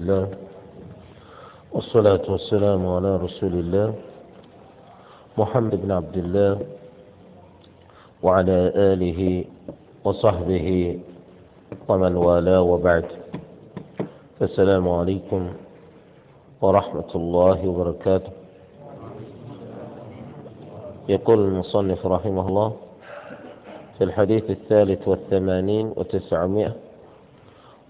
الله والصلاة والسلام على رسول الله محمد بن عبد الله وعلى آله وصحبه ومن والاه وبعد السلام عليكم ورحمة الله وبركاته يقول المصنف رحمه الله في الحديث الثالث والثمانين وتسعمائة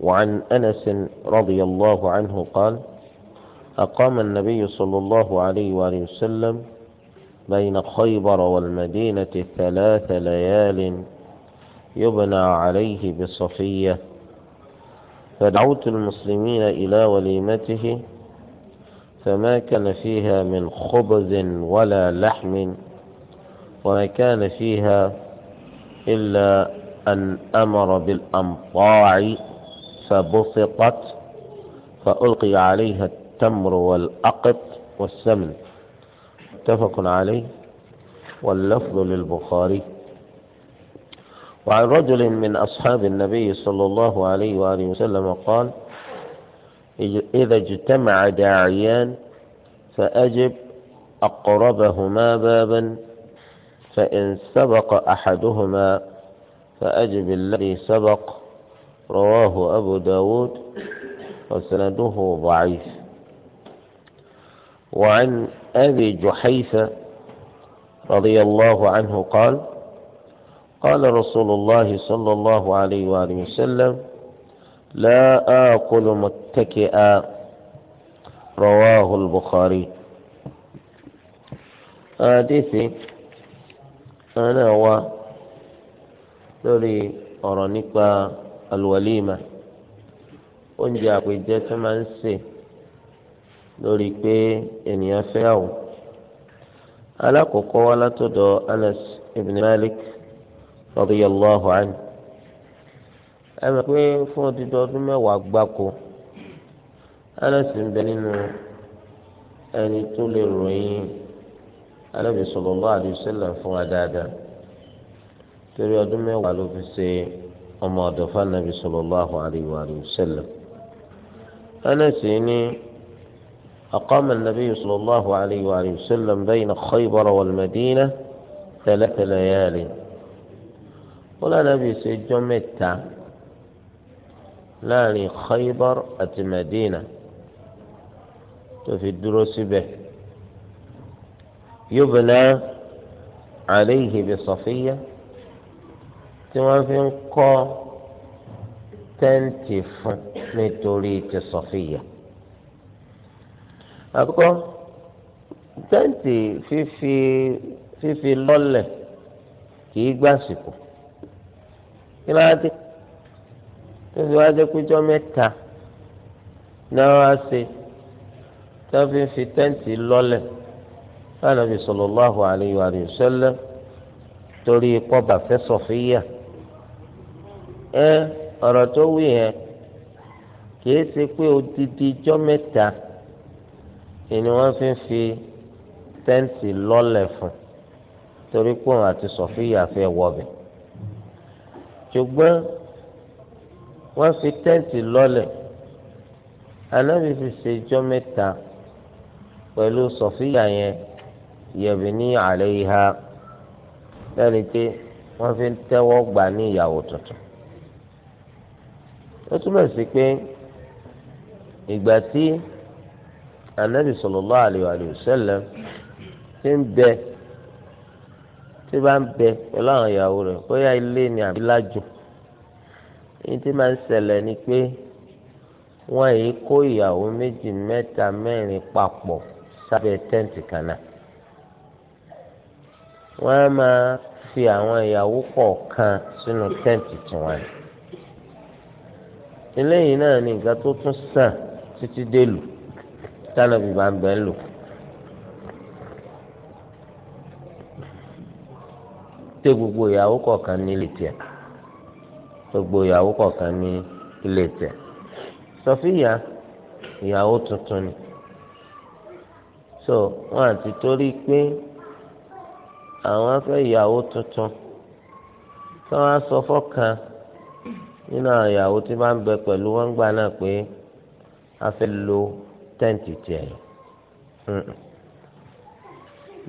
وعن أنس رضي الله عنه قال أقام النبي صلى الله عليه وآله وسلم بين خيبر والمدينة ثلاث ليال يبنى عليه بصفية فدعوت المسلمين إلى وليمته فما كان فيها من خبز ولا لحم وما كان فيها إلا أن أمر بالأمطاع فبسطت فألقي عليها التمر والأقط والسمن متفق عليه واللفظ للبخاري وعن رجل من أصحاب النبي صلى الله عليه وآله وسلم قال إذا اجتمع داعيان فأجب أقربهما بابا فإن سبق أحدهما فأجب الذي سبق رواه أبو داود وسنده ضعيف وعن أبي جحيفة رضي الله عنه قال قال رسول الله صلى الله عليه وآله وسلم لا آكل متكئا رواه البخاري حديثي أنا و لوري أرانيكا alwalima oúnjẹ àpèjẹ tó máa ń sè lórí pé ènìyàn fẹ́ àwò alákọ̀ọ́kọ́ wa látọ̀dọ̀ Anas ibn Malik radiyallahu anhu ẹ mọ̀ pé fún odidi ọdún mẹ́wàá gbáko Anas ń bẹ nínú ẹni tó lè ròyìn Ànábì sallallahu alaihi fún wa dáadáa torí ọdún mẹ́wàá ló fi ṣe é. ọmọ ọ̀dọ̀ fanabi sallallahu alayhi sẹlẹ sallam ẹnẹsì ni aqama an-nabiy sallallahu alayhi wa sallam bayna Khaybar wal-Madina thalatha layali wọn lànàbì ṣe jọ́ mẹ́ta láàrin Khaybar àti mẹdínà tó fi dúró síbẹ̀ yóò bẹ yubna alayhi bi Safiya. tí wọ́n fi ń kọ́ tẹ́ǹtì fún nítorí ti sọ̀fìyà. àkọ́kọ́ tẹ́ǹtì fífi fífi lọ́lẹ̀ kì í gbàsìkò kí ló dé tó fi wá dé péjọ mẹ́ta náà wá ṣe tó fi fi tẹ́ǹtì lọ́lẹ̀ fún Ànábì sallallahu alayhi wa sallam torí kọ́ bàfẹ́ sọ̀fìyà. So ẹ ọ̀rọ̀ tó wí yẹn kìí ṣe pé odidi ijọ́ mẹ́ta ni wọ́n fi ń fi tẹ́ǹtì lọ́lẹ̀ fún torí pé òun àti sọ̀fíyà fẹ́ wọ̀bẹ̀ ṣùgbọ́n wọ́n fi tẹ́ǹtì lọ́lẹ̀ anábì fi ṣe ijọ́ mẹ́ta pẹ̀lú sọ̀fíyà yẹn yẹ̀bi ní àlẹ́ ìhà lẹ́ni pé wọ́n fi ń tẹ́wọ́ gbà ní ìyàwó tuntun. ó túmọ̀ sí pé ìgbà tí anabi sallallahu alaihi ti ń bẹ tí bá ń bẹ pẹ̀lú àwọn ìyàwó rẹ̀ bóyá ilé ni àbí lájò èyí tí máa ń ṣẹlẹ̀ ni pé wọ́n yìí kó ìyàwó méjì mẹ́ta mẹ́rin papọ̀ sábẹ́ tẹ́ǹtì fi àwọn ìyàwó kọ̀ọ̀kan sínú tẹ́ǹtì tiwọn eléyìí náà ní nǹkan tó tún sàn títí dé lù tánàbí bá ń bẹ ń lò. tẹ gbogbo ìyàwó kọ̀ọ̀kan ní ilé tiẹ̀ gbogbo ìyàwó kọ̀ọ̀kan ní ilé tiẹ̀ sọfíyà ìyàwó tuntun ni so wọn àti torí pé àwọn afẹ́ ìyàwó tuntun tí wọ́n á sọ fọ́kàn. So, nínú àwọn ìyàwó tí bá ń bẹ pẹ̀lú wọn gbà náà pé a fẹ́ lo tẹ́ǹtì tiẹ̀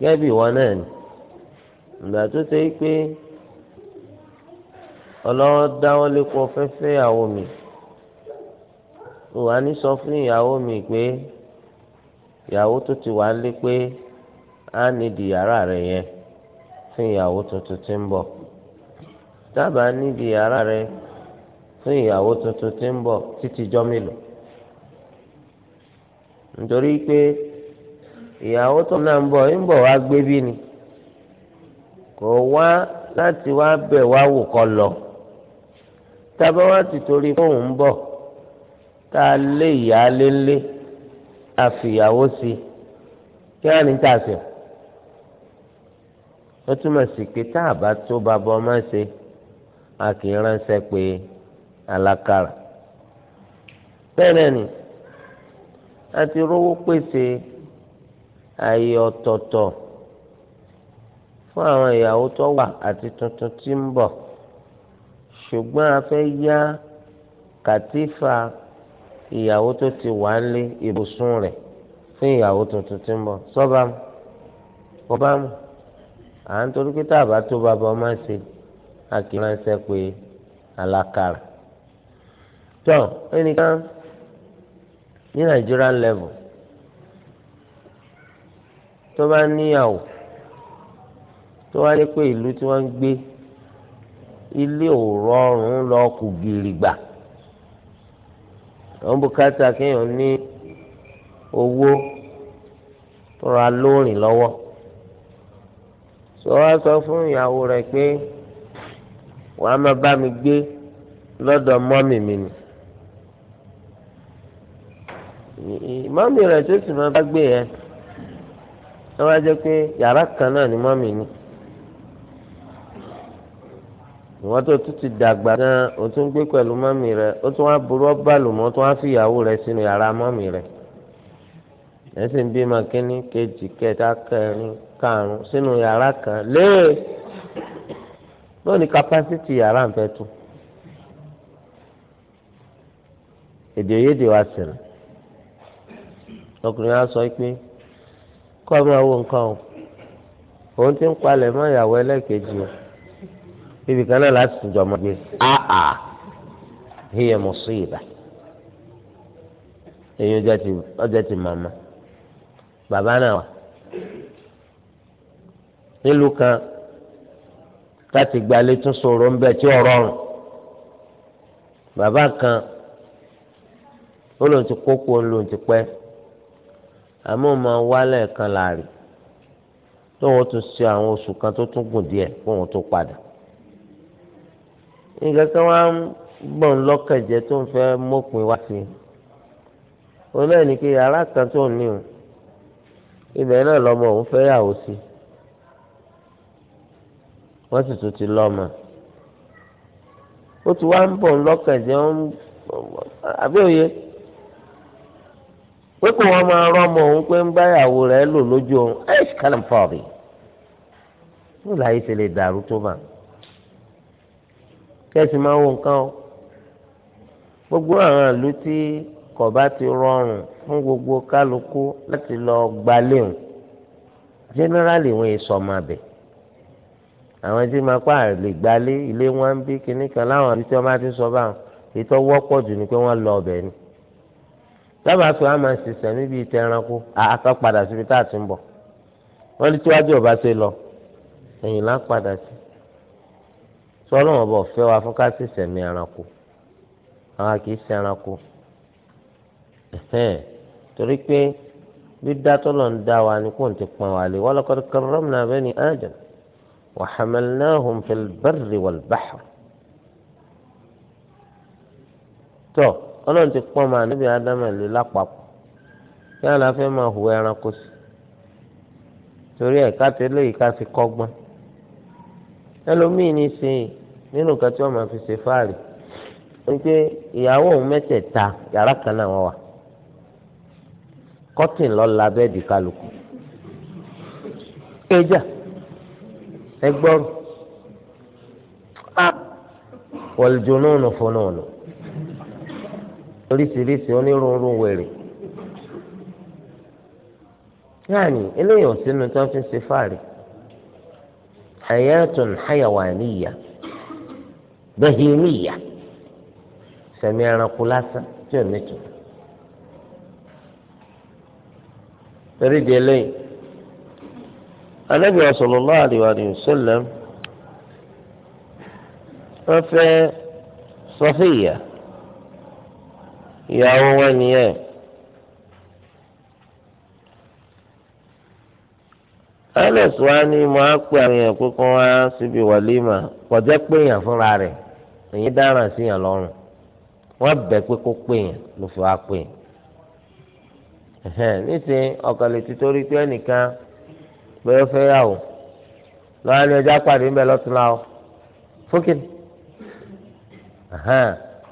gẹ́gẹ́ bí ìwọ náà ni ìgbà tó ṣe é pé ọlọ́wọ́ mi wà ní sọ fún ìyàwó mi pé ìyàwó tó ti wà lé pé á nídìí yàrá rẹ yẹn fún ìyàwó tuntun ń bọ̀ dábàá fún ìyàwó tuntun tí ń bọ̀ títí jọ́ mélòó nítorí pé ìyàwó tó náà ń bọ̀ ń bọ̀ wá gbé bí ni kò wá láti wá bẹ̀ wá wò kọ́ lọ tábà wá ti torí fóun ń bọ̀ tá a lé ìyá lélé a fìyàwó sí kí á ní tà sí ó túmọ̀ sí pé tá a bá tó bá bọ́ ọmọ ṣe a kì í ránṣẹ́ pé. alákàrà bẹ́ẹ̀ ni a ti rówó pèsè ààyè ọ̀tọ̀ọ̀tọ̀ fún àwọn ìyàwó tó wà àti tuntun tí ń bọ̀ ṣùgbọ́n a fẹ́ yá kàtífà ìyàwó tó ti wà lé ibùsùn rẹ̀ fún ìyàwó tuntun tí ń bọ̀ sọ́ba mu bọ́ba mu à ń torí pé tá a bá tó bàbá ọmọ ṣe a kì í ránṣẹ́ pé alákàrà tọ́ ẹnìkan ní Nigerian level tó bá níyàwó tó wá dé pé ìlú tí wọ́n ń gbé ilé ò rọrùn lọ kù gìrì gbà àwọn bùkátà kéèyàn ní owó tọrọ alóòrìn lọ́wọ́ sọ wá sọ fún ìyàwó rẹ̀ pé wàá máa bá mi gbé lọ́dọ̀ mọ́mì mi ni. mọ́mí rẹ̀ tó sì máa bá gbé yẹn kan náà ni ni ìwọ́n dàgbà náà o tún gbé pẹ̀lú rẹ̀ ó tún wá ọba lùmọ́ tó wá fi ìyàwó rẹ̀ sínú yàrá rẹ̀ ẹ sì ń kejì kẹta kẹrin karùn sínú yàrá kan léè lónìí kapásítì yàrá ń fẹ́ tó èdè wa lọkùnrin á sọ pé kọ́ ọ́ máa wo nǹkan o òun ti ń palẹ̀ mọ́ ìyàwó ẹlẹ́ẹ̀kejì o bíbí kan náà láti tìjọ máa gbé híyẹ sí ìbà èyí ọjọ́ ti màmá bàbá náà wà nílùú kan láti tún kan ó lóun ti kókó àmọ́ máa wá lẹ́ẹ̀kan láàrin tó wọ́n tún ṣe àwọn oṣù kan tó tún gùn díẹ̀ kó wọ́n tó padà nǹkan kan wá ń gbọ̀n lọ́kànjẹ́ tó ń fẹ́ mọ́pin wá sí i òun náà ní pé yàrá kan tó ń ní o ibẹ̀ náà lọ́mọ òun fẹ́ yàwó sí i wọ́n sì tún ti lọ́mọ ó ti wá ń bọ̀ lọ́kànjẹ́ àbí òye pé kò wọ́n máa rọ́mọ òun pé ń báyàwó rẹ̀ lò lójú òun ẹ̀ṣ kálí fọ́ọ̀bì ní ìlàyé ṣe lè dàrú tó bá kẹ́sì máa wo nǹkan o gbogbo àwọn ìlú tí kò ti rọrùn fún gbogbo kálukú láti lọ gbalẹ̀ òun generally wọn èso ọmọ abẹ àwọn tí máa pa àlè gbalẹ̀ ilé wọn ń bí kinní kan láwọn àbí tí wọn bá ti sọ báwọn ètò wọ́pọ̀ jù ni pé wọ́n lọ ọbẹ̀ ni dábàá pé a máa ń ṣiṣẹ́ níbi ìtẹ ẹranko àkà padà síbi tá a ti ń bọ̀ wọ́n ní tíwájú ọba ṣe lọ ẹ̀yìn lá padà sí sọlọ́ wọn bọ̀ fẹ́ wa fún ká ṣiṣẹ́ mi ẹranko àwa kì í ṣe torí pé bí dátọ́lọ̀ ń dá wa ni kò ń ti pọn wa lé walaqad karramna bani Adam wa hamalnahum fil barri wal bahri tọ́ ọlọ́run ti pọ́n máa níbi ádámà lé lápapọ̀ kí àlá fẹ́ máa hùwà ẹranko sí torí ẹ̀ ká tẹ́lẹ̀ yìí ká fi kọ́gbọ́n ẹlòmíì ní sìn nínú nǹkan tí wọ́n máa fi ṣe fáàrí wípé ìyàwó òun mẹ́tẹ̀ẹ̀ta yàrá kan náà wọ́n wà kọ́tìn lọ la bẹ́ẹ̀dì kálukú kéjà ẹgbọ́rún ah, wọ́n jùnú nù fún nù nù oríṣiríṣi onírúurú wèrè yaani eléyìí òsínú tí wọn fi ń ṣe fáàrí hayatun hayawaniya bahimiya sẹmi ẹranko lásán tí ò ní tù torí di eléyìí anabi sallallahu alaihi wa sallam wọn fẹ́ Safiya ìyàwó wọn nìyẹn alex wa ni mo á pè àwọn èèyàn pé kó wá síbi wàlímà kọjá pé èèyàn fúnra rẹ̀ èyí dáràn sí èèyàn lọ́rùn wọ́n bẹ̀ pé kó pè èèyàn ló fi wá pè èèyàn nísìnyí ọkàn torí pé ẹnìkan pé ó fẹ́ yà wò lọ́wọ́ ni ọjà pàdé ń bẹ lọ́tún láwọ́ fókè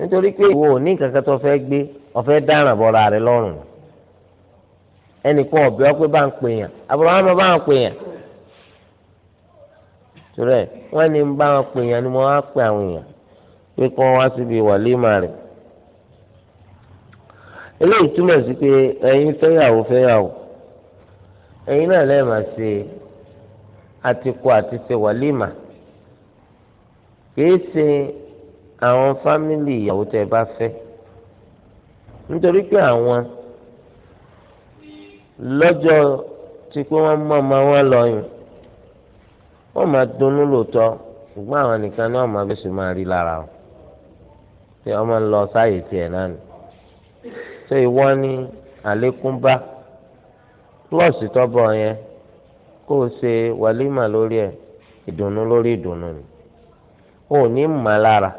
nítorí pé ìwọ ò ní kankan tó fẹ́ gbé ọ̀fẹ́ dáràn bọ́ra rẹ lọ́rùn ẹnìkan ọ̀bẹ ọpẹ bá ń pè yàn àbúrò bá ń pè yàn torí ẹ ní bá wọn pè yàn ni mo wá pè àwọn èèyàn pé kí wọn wá síbi wàlímà rẹ eléyìí túmọ̀ sí pé ẹ̀yin fẹ́yàwó fẹ́yàwó ẹ̀yin náà ṣe àtikọ àti ṣe ṣe. àwọn fámìlì ìyàwó tẹ́ bá fẹ́ nítorí pé àwọn lọ́jọ́ tí pé wọ́n mọ ọmọ wọn lọ́yùn wọ́n máa dunnú lóòótọ́ ṣùgbọ́n àwọn nìkan ni wọ́n máa bẹ̀sùn máa rí lára wọn tí wọ́n máa ń lọ sáàyè tiẹ̀ náà ni ṣé ìwọ ni àlékún bá plọ́ọ̀sì tọ́bọ̀ yẹn kó o ṣe wàlímà lórí ẹ̀ ìdùnnú lórí ìdùnnú ni ò ní mọ̀ lára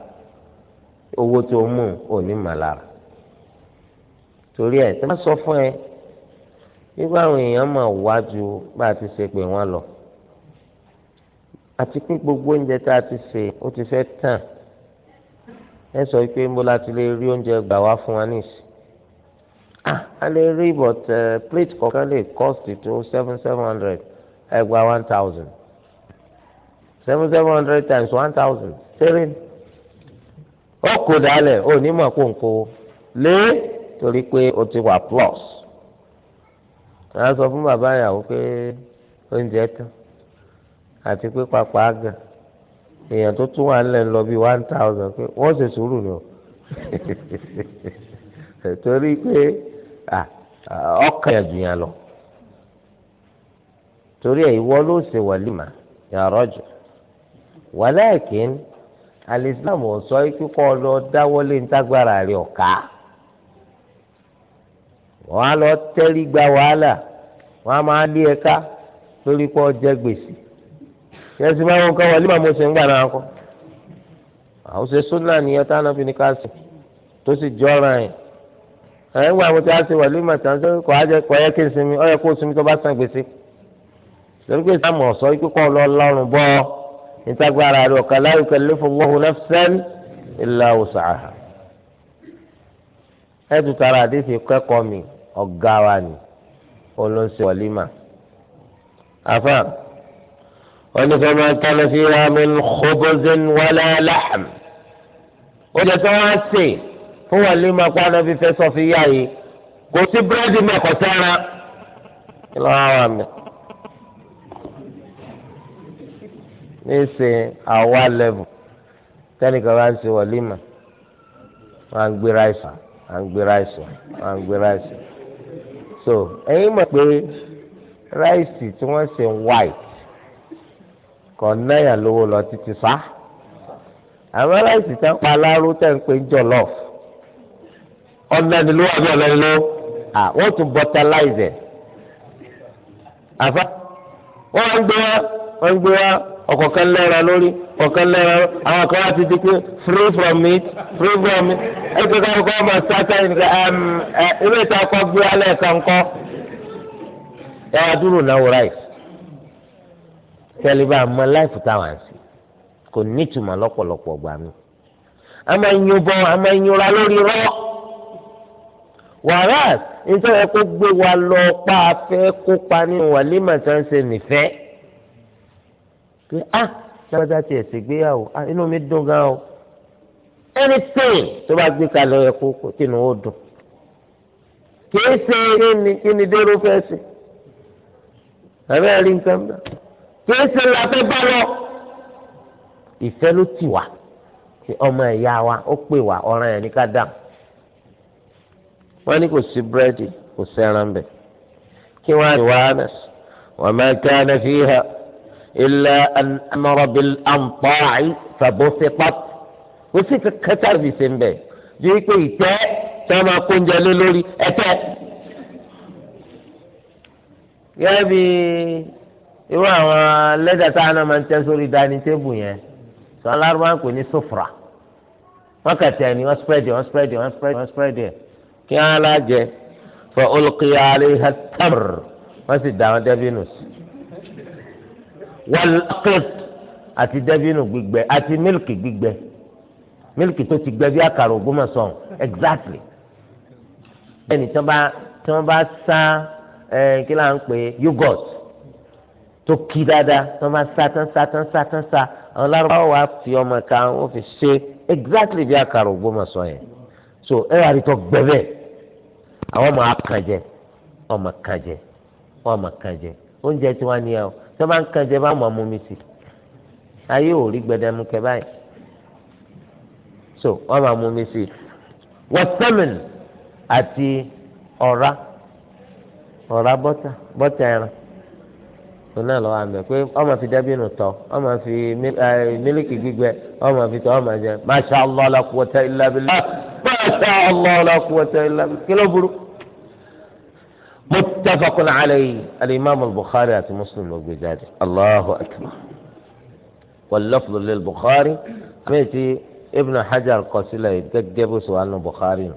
owó tó mú ò ní màlára torí ẹ tó bá sọ fún ẹ nígbà àwọn èèyàn máa wá ju bá a ti ṣe pé wọn lọ àti pín gbogbo oúnjẹ tá a ti ṣe ó ti fẹ́ tàn ẹ sọ pé ń bọ́ láti lè rí oúnjẹ gbà wá fún wa nísì ah a lè rí but uh, plate kọ̀ọ̀kan lè cost tó seven seven hundred ẹgbàá one thousand seven seven hundred times one thousand tẹ́rẹ́ni. ó kó dálẹ̀ ó ní mọ̀ lé torí pé o ti wà plus a sọ fún bàbá ìyàwó pé oúnjẹ tán àti pé papà èèyàn tó tún wà nílẹ̀ lọ bíi one thousand pé wọ́n ṣe sùúrù ni o torí pé ọkàn yẹn lọ torí ẹ̀ alislam ọ̀sọ́ kíkọ́ lọ dáwọ́lé ntagbara rẹ̀ ọ̀ká wọ́n á lọ gba wàhálà wọ́n á máa lé ẹka lórí pọ́ gbèsè máa lé màmú náà àwọn ṣe nìyẹn ní ká sùn tó sì jọra yẹn ẹ̀ ń mo ti á ṣe wà màtí àwọn kí n gbèsè lórí gbèsè lọ ìtagbára rẹ̀ ọ̀kan la yukallifullahu nafsan illa wus'aha. ẹ tún tara àdéhìí kẹ́kọ̀ọ́ mi ọ̀gá wa ni olóńsè wọ̀límà. àfà onífẹ̀mọ́ kana fiha min khubzin wala lahm. ó jẹ́ sọ wá sè fún wọ̀límà pàdé fífẹ́ sọ fi yá yìí kò sí búrẹ́dì mẹ́kọ̀ọ́ sára. kí wà mí. níṣe àwa lẹ́vù tẹ́nìkan bá ń ṣe wọ̀límà wọ́n á ń gbé ráìsì wọ́n ń gbé ráìsì wọ́n ń gbé ráìsì so ẹ̀yin mọ̀ pé ráìsì tí wọ́n ṣe white kò náyà lówó lọ títí sá àwọn ráìsì tẹ́ ń pa aláró tẹ́ ń pè ń jọlọ́f ọ̀nàdínlówó àbí ọ̀nàdínlówó à wọ́n tún bọ́tàláìzẹ̀ àfa wọ́n ń gbé wọ́n ń gbé wá ọ̀kọ̀ọ̀kan lẹ́ra lórí ọ̀kọ̀ọ̀kan lẹ́ra àwọn kan láti di pé free from it free from it ẹgbẹ́ kan kọ́ ọmọ sátá ilé ìta kọ́ gbé alẹ́ kan kọ́ ẹ adúrò náwó ráìsì tẹ́lẹ̀ bá a mọ láìpù táwọn àǹsì kò nítumọ̀ lọ́pọ̀lọpọ̀ gbà mí a máa ń yún bọ́ a máa ń yúnra lórí rọ́ wàhálà nítorí ẹ kó gbé wa lọ pa afẹ́ kópa nínú wàlímọ̀ tí wọ́n ń ṣe nìfẹ́ pé ah sábàtà tiẹ̀ ṣègbéyàwó ah inú mi dùn gan o anything tó bá gbé kalẹ̀ yẹ kó tìǹú ó dùn kìí ṣe kíni kíni dérò fẹ́ ṣe àbẹ́ rí nǹkan bá kìí ṣe bá lọ ìfẹ́ ló kí ọmọ ẹ̀yà wa ó pè wá ọ̀ràn ẹ̀ ní ká dà wọ́n ní kò sí búrẹ́dì kò sẹ́ran bẹ̀ kí wọ́n á ní wàhánà wọ́n máa ń fi hàn. إلا أن أمر بالأنطاع فبسطت وسيك كتر في سنبه جيكو يتاء سما كون جلولي أتاء يا بي irú àwọn lẹ́dà tá a náà máa ń tẹ́ sórí dání tébù yẹn sọ alárùbá ń pè ní sufra wọn kà tẹ̀ ni wọ́n spread wọ́n spread wọ́n spread wọ́n spread ẹ̀ kí wọ́n á lájẹ fa olùkíyà àlè hàtàmùr wọ́n sì dá wọn dẹ́bí nù sí wàlúkìt àti dẹ́bínú gbígbẹ àti mílìkì gbígbẹ mílìkì tó ti gbẹ bí àkàrà Ògbómọ̀ṣọ́ exactly ẹni tí wọ́n bá tí wọ́n bá sá ẹ kí là ń pè yogurt tó kí dáadáa tí wọ́n bá sá tán sá tán sá tán sá àwọn lárúbáwò wa fi ọmọ kan wọ́n fi ṣe exactly bí àkàrà Ògbómọ̀ṣọ́ yẹn so ẹ wà rí tó gbẹ bẹ́ẹ̀ àwọn ọmọ akànjẹ ọmọ kànjẹ ọmọ kànjẹ oúnjẹ tí wọ́n ní ẹ o tó bá ń kan jẹ bá mọ̀ mú mi sí ayé ò rí gbẹdẹmú kẹ báyìí so wọ́n máa mú mi sí wọ́sẹ̀mìn àti ọ̀rá ọ̀rá bọ́tà bọ́tà ẹran òun náà lọ́wọ́ àmì pé ọmọ fi dẹ́bìnú tọ́ ọmọ fi mílíkì gbígbẹ ọmọ fi tọ́ ọmọ jẹ masha allah la quwwata illa billah masha allah la quwwata illa billah kí ló burú muttafaqun alayhi al-imam al-bukhari àti muslim ló gbé jáde allahu akbar wal-lafzu lil-bukhari méjì ibn hajar kọ sílẹ̀ gẹ́gẹ́ bó ṣe wà nù bukhari nù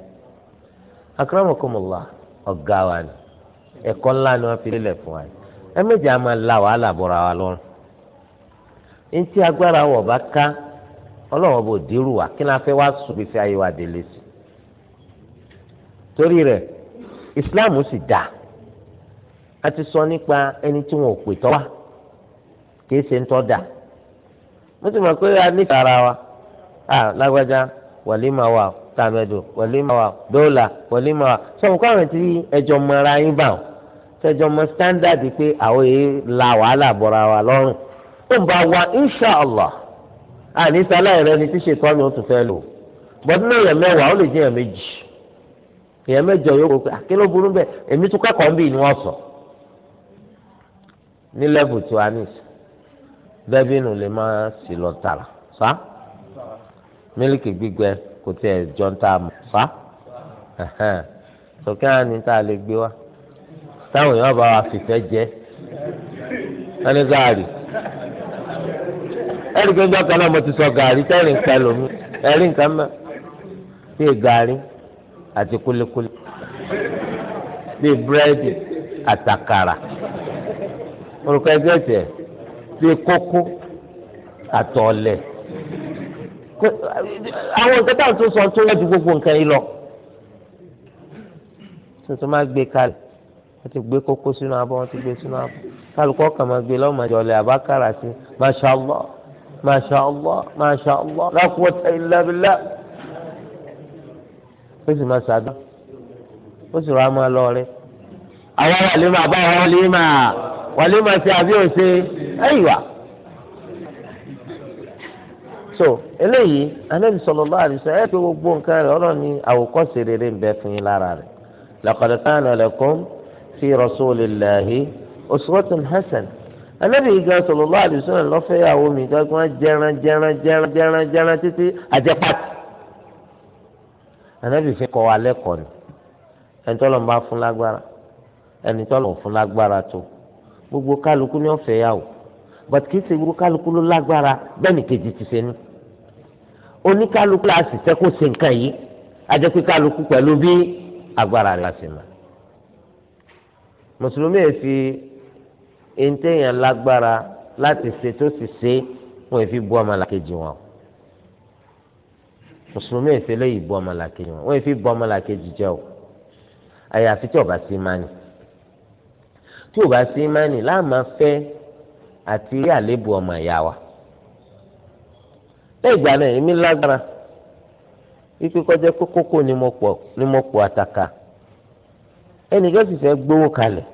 akramakumullah ọ̀gá wa ni ẹ̀kọ́ ńlá ni wọ́n fi lélẹ̀ fún wa ẹ méjì á máa la wàhálà bọ̀ra wa lọ́rùn ntí agbára wọ̀ bá ká ọlọ́wọ́ bò dírú wa kí ni a fẹ́ wá sùn fífi ayé wa délé sí torí rẹ̀ islam sì dáa. Ati ti sọ nípa ẹni tí wọn ò pè tọ́ wa kìí ṣe ń tọ́ da mo ti mọ̀ pé a ní ara wa a lágbájá wàlímà wa tàmẹ̀dù wàlímà wa dọ́là wàlímà wa sọ̀rọ̀ káwọn ti ẹjọ́ mọ́ra yín bá wọn tẹjọ́ mọ́ standard pé àwọn èyí la wàhálà bọ̀ra wa lọ́rùn tó ń bá wa inshàlá àní sáláì rẹ ni tí ṣètọ́ ni ó tún fẹ́ lò bọ́dún náà yẹn mẹ́wàá ó lè jẹ́ yẹn méjì èèyàn mẹ́jọ yóò kó pé àkínló bẹ́ẹ̀ èmi tún kẹ́kọ̀ọ́ ń bì ní wọ́n sọ̀rọ̀ ní level tí wàá nìsí dẹ́bìnù lè má sí lọ tààrà fa mílíkì gbígbẹ kò tiẹ̀ jọ ń tà mọ́ fa sọ̀kè àní tá a lè gbé wa táwọn èèyàn bá wa fìfẹ́ jẹ ẹni gaari ẹni pé gbọ́dọ̀ náà mo ti sọ gaari tẹ́rì nǹkan lómi ẹ̀rí nǹkan mọ́ bíi gaari àti kulikuli bíi búrẹ́dì àtàkàrà orúkọ ẹgbẹ́ ẹ̀sẹ̀ bíi kókó àtọ̀ọ̀lẹ̀ àwọn nǹkan táwọn tó sọ tó lọ́jú gbogbo nǹkan yìí lọ tuntun máa gbé kalẹ̀ wọ́n ti gbé kókó sínú abọ́ wọ́n ti gbé sínú abọ́ kálukọ́ kàn máa gbé lọ́mọ ìjọlẹ̀ àbákàrà sí mashallah mashallah mashallah la quwwata illa billah ó sì máa ṣàdá ó sì rọ àmọ́ lọ rẹ àwọn àlè máa bá wọn lè máa wàlímà ṣe àbí òṣè ẹ̀yìwà. so eléyìí anábì sallallahu alaihi wasallam ẹ̀ pé gbogbo nǹkan rẹ̀ ọ̀rọ̀ ni àwòkọ́ṣe rere ń bẹ fún yín lára rẹ̀ laqad kana lakum fi rasulillahi uswatun hasanah anábì yìí gan sallallahu alaihi wasallam lọ́fẹ̀ẹ́yàwó mi gbàgbọ́n jẹran jẹran jẹran jẹran jẹran títí àjẹpàtì anábì fi kọ́ wa lẹ́kọ̀ọ́ ni ẹni tọ́lọ́ bá fún lágbára ẹni tọ́lọ́ fún lágbára tó gbogbo kálukú ni wọ́n fẹ́ yà wò but kì í ṣe gbogbo kálukú ló lágbára bẹ́ẹ̀ ni kejì ti ṣe ní. oníkálukú la sì fẹ́ kó ṣe nǹkan yìí ajẹ́ pé kálukú pẹ̀lú bí agbára rẹ̀ ṣe mọ̀. mùsùlùmí yẹn fi eńtẹ́yìn lágbára láti ṣe tó sì ṣe wọ́n fi bu ọmọlàkejì wọn mùsùlùmí yẹn fi eléyìí bu ọmọlàkejì wọn wọ́n fi bu ọmọlàkejì jẹ́ o àyàfi tí ọba sí máa ní tí ò bá sí imáni láàmà fẹ́ àti rí àléébù ọmọ ìyá wa lẹ́gbàá náà èmi lágbára wípé kọjá kókókó ni mo pọ̀ ni mo pọ̀ àtàkà ẹnìkan sì fẹ́ gbówó kalẹ̀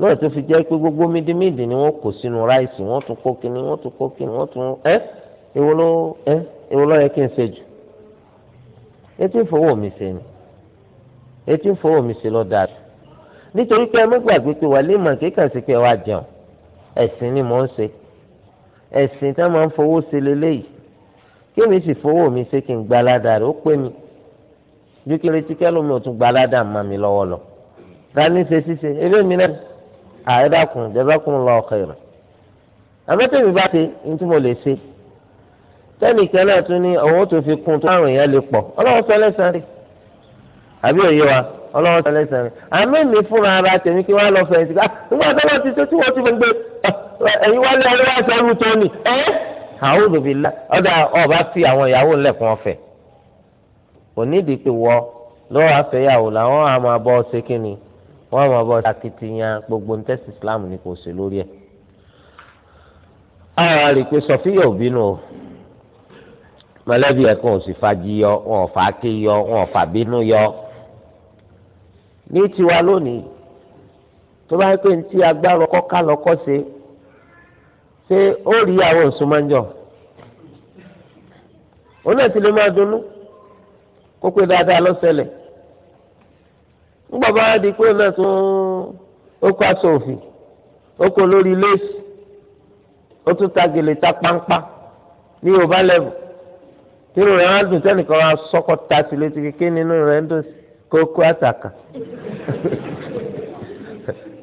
lọ́ọ̀ tó fi jẹ́ pé gbogbo mídìmídì ni wọ́n kó sínú ráìsì wọ́n tún kó kíní wọ́n tún kó kíní wọ́n tún ẹ́ èwo ló ẹ́ èwo ló yẹ kí n ṣe jù etí ń fowó mi ṣe ni etí ń fowó mi ṣe lọ́ọ́ jù nítorí pé ẹmí gbàgbé pé wà lè mọ̀ sí pé wà jẹun ẹ̀sìn ni mò ń ṣe ẹ̀sìn tá máa ń fowó ṣe leléyìí kémi sì fowó mi ṣe kí n gba aládàá rẹ̀ ó pé mi bí kí retí kẹ́lómi ò tún gba aládàá mọ́ mi lọ́wọ́ lọ rani ṣe ṣíṣe eré mi náà àyẹ̀dàkùn jẹ́bẹ́kùn lọ khairan àmọ́tẹ́mi bá ṣe ní tí mo lè ṣe tẹ́nìkan náà tún ní ọ̀hún tó fi kún tó márùn-ún yẹn lè pọ̀ ọlọ́run sọ lẹ́sàn-án rẹ̀ àbí òye wa ọlọ́wọ́ sọ lẹ́sẹ̀ mi àmì mi fúnra ara tèmi kí wọ́n lọ fẹ̀yìntì ká ah, nígbà tó lọ́ọ́ ti tó tí wọ́n ti gbẹgbẹ ah, ẹ̀yin wá lé ọlọ́wọ́ sẹ́rù tó ni ẹ́ àwọn òbí la ọ̀dà ọba fi àwọn ìyàwó ńlẹ̀kùn ọ̀fẹ́ onídìí pé wọ́ lọ́wọ́ afẹ́yàwó làwọn àmọ́ abọ́ ṣe kí ni wọ́n àmọ́ abọ́ akitiyan gbogbo ntẹ́sí Islam ni kò ṣe lórí ẹ̀. ara rè pé sọfíyà òbínú o mọ̀lẹ́bí ẹ̀kan ò sì fagi yọ wọn ò fàáké yọ wọn ò fàbínú yọ ní tiwa lónìí tó bá yẹ pé ntí agbára ọkọ ká lọkọ ṣe ṣé ó rí àwọn òṣùmọ́njọ́ òun náà ti lè máa dunnú kó pé dáadáa lọ́sẹ̀lẹ̀ ńgbà bá di pé náà tún ó kó aṣọ òfì ó kó lórí léèsì ó tún ta gèlè ta páńpá ní yorùbá lẹ́bù tí irun rẹ̀ dùn sẹ́nìkan wá sọ́kọ́ ta sí létí kékeré nínú rẹ̀ kókó àtàkà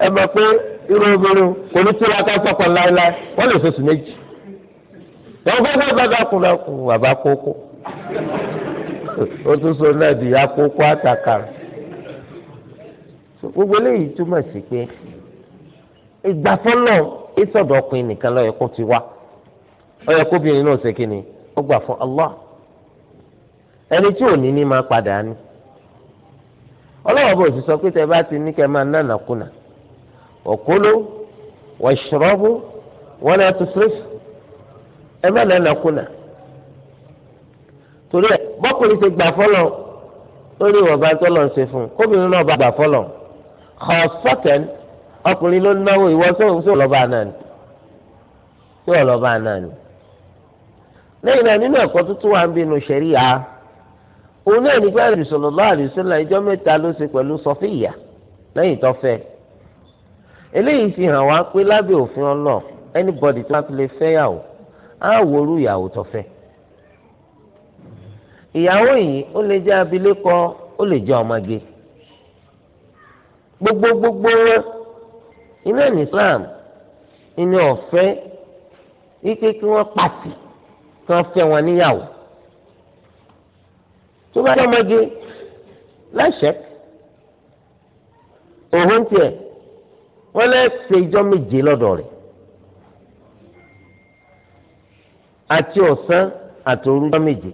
ẹ mọ̀ pé irú obìnrin kò ní tíra ká sọ̀kọ̀ láéláé wọ́n lè sọ̀sù méjì wọ́n fẹ́ fẹ́ bá kù bàbá kókó tún náà di ya kókó àtàkà gbogbo eléyìí túmọ̀ sí pé ìgbàfọ́ náà ìsọ̀dọ̀ ọkùnrin nìkan lọ́yẹ̀ kó ti wá ọyẹ kóbìnrin náà ṣe kí ni ó gbà fún Allah ẹni tí ò ní ní máa padà ọlọ́wọ́ bò sì sọ pé tẹ bá ti ní kẹ́ máa nánà kùnà òkúló wàṣọ́rọ́bù wọn náà tó sọ́ọ́ ẹ má nánà kùnà torí ẹ bọ́kùnrin ti gbà fọlọ́ lórí ìwọ̀nba tọ́lọ̀ ń ṣe fún un kóbìnrin náà bá gbà fọlọ́ xọ sọ́tẹ̀n ọkùnrin ló náwó ìwọ sóhun sí ọlọ́ba náà ni sí ọlọ́ba náà ni lẹ́yìn náà nínú ẹ̀kọ́ tuntun wa ń bínú ṣẹ̀ríyà á. òun náà nígbà rẹ̀ sallallahu alaihi wasallam ìjọ mẹ́ta ló ṣe pẹ̀lú Sọfíyà lẹ́yìn tó eléyìí fi hàn wá pé lábẹ́ òfin ọlọ́ anybody tó bá lè fẹ́yàwó á wòrú ìyàwó tó ìyàwó yìí ó lè jẹ́ abilékọ ó lè jẹ́ ọmọge gbogbo gbogbo iná ní Islam ìní ọ̀fẹ́ ike kí wọ́n pàtì kí wọ́n fẹ́ wọn níyàwó. tó bá dọ́mọdé lẹ́sẹ̀ òun tiẹ̀ wọ́n lẹ́sẹ̀ ìjọ méje lọ́dọ̀ rẹ̀ àti ọ̀sán àti òru ìjọ méje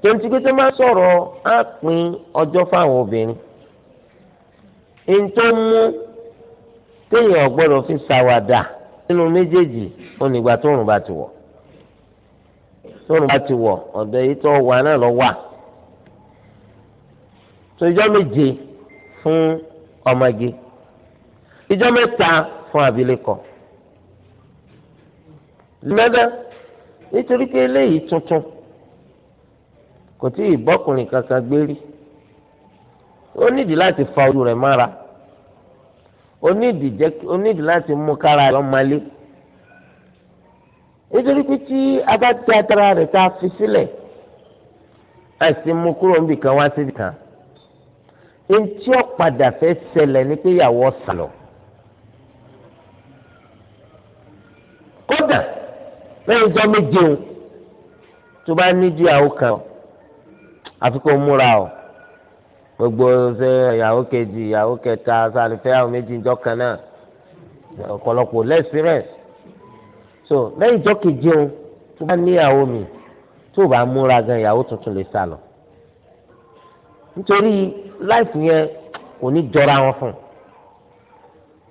tontì pé tó máa sọ̀rọ̀ á pín ọjọ́ fáwọn obìnrin ntọ́ mú téèyàn gbọ́dọ̀ fi ṣàwàdà nínú méjèèjì onígbà tó rùn bá ti wọ̀. tóun bá ti wọ̀ ọ̀dọ̀ èyí tó wà náà lọ wà tó ijọ́ méje fún ọmọge ijọ́ mẹ́ta fún abilékọ lẹ́dá nítorí pé eléyìí tuntun kò tí ì bọ́kùnrin kankan gbé rí ó nídìí láti fa ojú rẹ̀ mára ó nídìí láti mú kára rẹ̀ ọmọlé. nítorí pé tí a bá tẹ atara rẹ̀ tá a fi sílẹ̀ àìsí mú kúrò níbi kan wá síbi kan ntí ó padà fẹ́ ṣẹlẹ̀ ní pé ìyàwó sàlọ. kódà lẹ́yìn ìjọ méje o tó bá níjú ìyàwó kan àfi kó múra o gbogbo ṣe ìyàwó kejì ìyàwó kẹta sáà àwọn méjì ìjọ kan náà ọ̀pọ̀lọpọ̀ lẹ́sìn so lẹ́yìn ìjọ keje o tó bá níyàwó mi tó bá múra gan ìyàwó tuntun lè sá lọ nítorí láìpù yẹn kò ní jọra wọn fún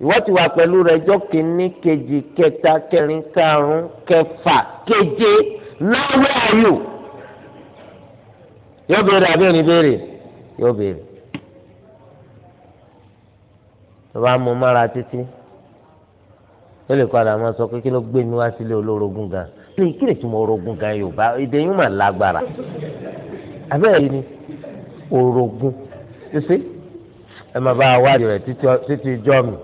ìwọ ti wà pẹ̀lú rẹ̀ ìjọ kìíní kejì kẹta kẹrin karùn kẹfà keje now where are you yóò béèrè àbí òní béèrè yóò béèrè tó bá mú mára títí ó lè padà máa sọ pé kí ló gbé mi wá sílé olórogún gan lè kí lè túmọ̀ orogún gan yorùbá èdè yìí mà lágbára abẹ́rẹ́ ni orogún ṣíṣe ẹ máa bá a wá rẹ̀ títí ijọ́ mi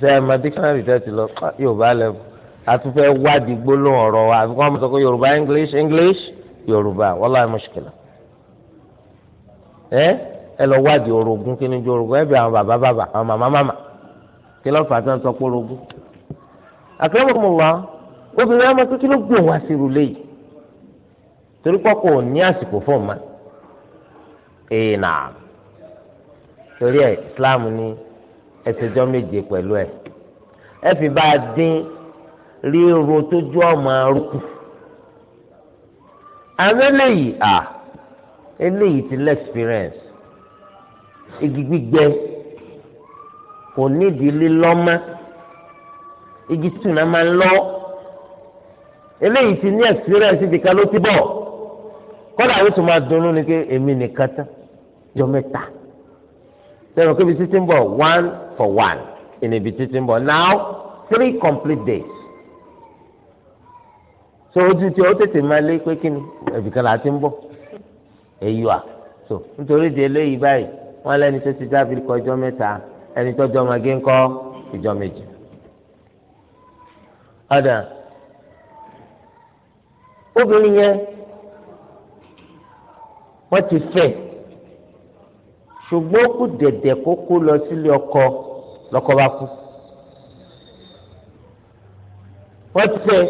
ṣe ẹ máa dictionary tẹ́tí lọ ah, yorùbá lẹ́mu àtúfẹ́ wádìí gbólóhùn ọ̀rọ̀ wa àfi kọ́ máa sọ pé yorùbá english english yorùbá wallahi mushkila ẹ ẹ lọ wádìí orogún kí ni ju orogún ẹ bí àwọn bàbá bàbá àwọn màmá màmá. kí ló fà sàn sọ pé orogún akramakumullah obìnrin ọmọ kékeré ló gbé wá sí irulé yìí torí pọkọ ní àsìkò fún ee nà torí ẹ islam ní ẹsẹjọ méje pẹ̀lú ẹ ẹ bá a dín ríro ọmọ arúgbó eléyìí ti kò nídìí lílọ́mọ igi tìǹà máa ń lọ eléyìí ti ní experience ìdìkan ló ti bọ̀ kọ́lá àwọn tó máa dunnú ni pé èmi nìkan tán jọ mẹ́ta sẹ́wọ̀n kébi títí ń bọ̀ one for one ìnìbi títí ń bọ̀ now three complete days so ojú tí o tètè máa lé pé kí ni ẹ̀bìkan là á ti ń bọ̀ èyí wà so nítorí di eléyìí báyìí wọ́n lẹ́ni tó ti dábìlì kọjọ́ mẹ́ta ẹni tọ́jú ọmọge ńkọ́ ìjọ méjì. ọ̀dà obìnrin yẹn wọ́n ti fẹ́ ṣùgbọ́n ó kù dẹ̀dẹ̀ kó kó lọ sílé ọkọ lọ́kọ bá kú. wọ́n ti fẹ́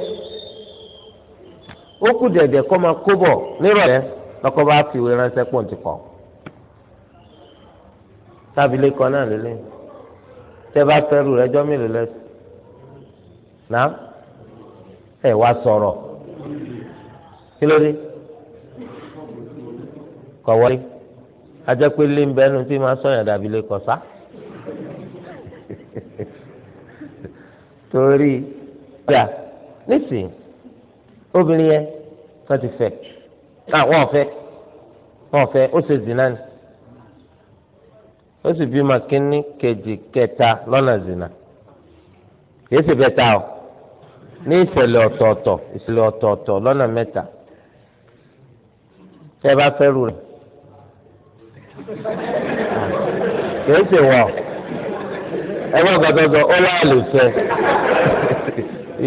ó kù dẹ̀dẹ̀ kó máa kó bọ̀ nírọ̀lẹ́ lọ́kọ bá fi ìwé ránṣẹ́ pọ̀ ní ti kọ́ tábìlì kan náà lélẹ́yìn tẹ́bá fẹ́rù rẹ̀ jọ́ mélòó lẹ́sìn náà ẹ̀ wá sọ̀rọ̀ kí ló dé kọ̀ wọlé ajẹ́ pé lé ń bẹ́ nu tí máa sọ̀yàn dàbí lè kọ̀ sá torí ọjà nísìnyí obìnrin yẹn wọ́n ti fẹ́ àwọn ah, ọ̀fẹ́ wọ́n fẹ́ ó ṣe zìnnà ni. ó sì bí kejì kẹta lọ́nà zina kìí sì bẹ́ẹ̀ ta ní ìṣẹ̀lẹ̀ ọ̀tọ̀ọ̀tọ̀ ìṣẹ̀lẹ̀ ọ̀tọ̀ọ̀tọ̀ lọ́nà mẹ́ta tẹ́ bá fẹ́ rú rẹ̀ kìí sì wọ̀ ẹgbẹ́ gbàdọ́dọ̀ ó lè fẹ́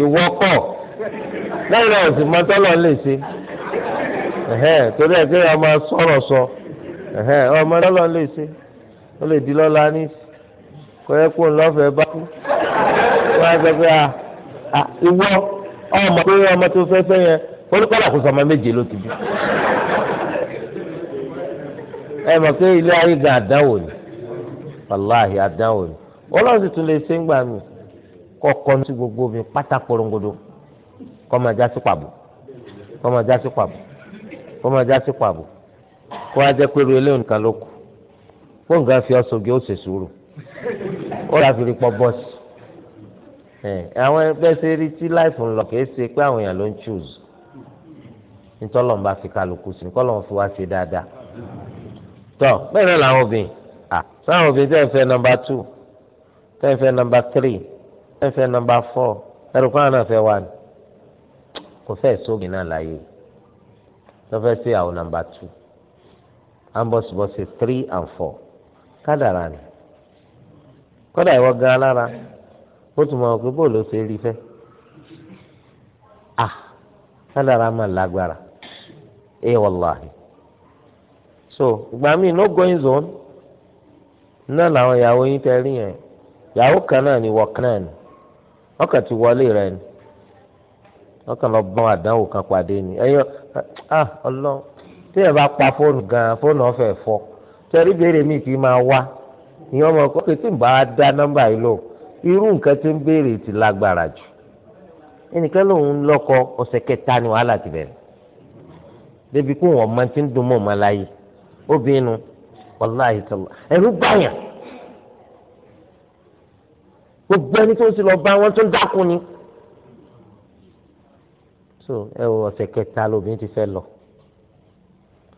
ìwọ kọ̀ lẹ́yìn náà sọ ọmọ tọ́lọ̀ lè ó lè di lọ́la ní kọ́yẹ́ kó ń lọ́fẹ̀ẹ́ bá kú wọ́n á sọ pé à ìwọ ọmọ pé ọmọ tó fẹ́ fẹ́ yẹn kò méje ló ti bí ẹ mọ̀ pé ilé ayé ni wàláhì ni tún lè ṣe ń gbogbo mi pátá kọ́ máa já sí pàbò kọ́ máa já sí pàbò kọ́ kó nǹkan fi ọ̀sọ̀gẹ̀ ó ṣe sùúrù ó rà fi rí pọ̀ bọ́ọ̀sì àwọn ẹgbẹ́ ṣe rí tí láìfù ń lọ kìí ṣe pé àwọn èèyàn ló ń choose nítọ́lọ̀ ń bá fi kálukú sí ní kọ́lọ̀ ń fi wá ṣe dáadáa tọ́ bẹ́ẹ̀ làwọn obìnrin sáwọn obìnrin tẹ́ ẹ fẹ́ nọmba two tẹ́ ẹ fẹ́ nọmba three tẹ́ ẹ fẹ́ nọmba four ẹrù kan náà fẹ́ wà ní kò fẹ́ sóbì náà láàyè lọ́fẹ́ sí àwọn nọmba two ambos bọ́ sí three and four. kádàrà ni kódà ìwọ gan alára ó tún máa wọ bóòlù ó ṣe rí fẹ́ ah kádàrà máa lágbára ẹ eh, so ìgbà no going zone náà làwọn ìyàwó yín tẹ rí yẹn ìyàwó kan náà ni wọ kan náà ni ọkàn ti wọlé rẹ ni ọkàn lọ bọ́n àdánwò kan pàdé ni ẹ̀yọ́ ah ọlọ́run tí pa fóònù gan fóònù sẹ́rí béèrè mi kì í máa wá ìyẹn ọmọ kọ́ pé bá a dá nọ́mbà yìí lò irú nǹkan ti lágbára jù ẹnìkan lòun lọ́kọ ọ̀sẹ̀ kẹta ni wàhálà ti bẹ̀rẹ̀ débi kó wọn máa ti ń dun mọ́ láyé obìnrin nu wàláhì tó ẹ̀rú báyàn gbogbo ẹni tó ń sì lọ bá wọn tó ń dákun ni so ẹ ọ̀sẹ̀ kẹta ti fẹ́ lọ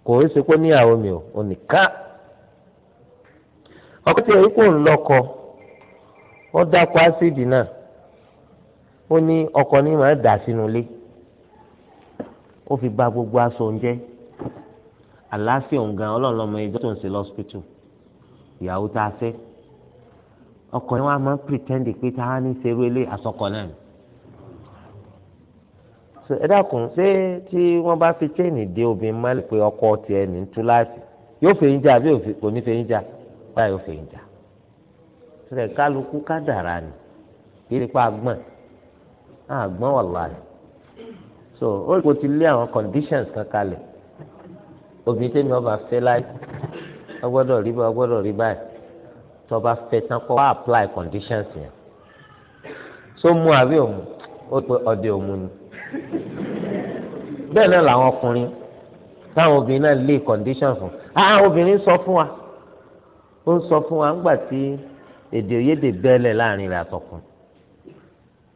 kò ọkọ tí èyí kò ń lọkọ wọ́n dákọ ásíìdì náà ó ní ọkọ ní màá dà sínú ilé ó fi ba gbogbo aṣọ oúnjẹ àlàáfíà òǹgàn ọlọ́run lọ́mọ ẹjọ́ tó ń ṣe lọ́sípítù ìyàwó tá a fẹ́ ọkọ yẹn wá máa ń pretend pé tá a ní serú ilé àsọkọ náà ni so ẹ dákun ṣé tí wọ́n bá fi chain dé obìnrin mọ́lẹ̀ pé ọkọ tiẹ̀ ní túláàsì yóò fèyí jà àbí kò ní fèyí jà báyìí ó fi ń jà sọ̀rọ̀ kálukú kádàrá ni kí ni pa agbọ́n wà láàyè so ó kò ti lé àwọn conditions kan kalẹ̀ obìnrin tẹ́mi ọba fẹ́ láì ọgbọ́dọ̀ rí báyìí ọgbọ́dọ̀ rí báyìí tọba fẹ́ tán kọ́ wá apply conditions yẹn so mu àbí òmu ó pe ọdẹ òmu ni bẹ́ẹ̀ náà làwọn ọkùnrin táwọn obìnrin náà lé conditions fún àwọn obìnrin sọ fún wa ó ń sọ fún wa ńgbà tí èdè òyédè bẹ́ẹ̀lẹ̀ láàrin rẹ̀ àtọkùn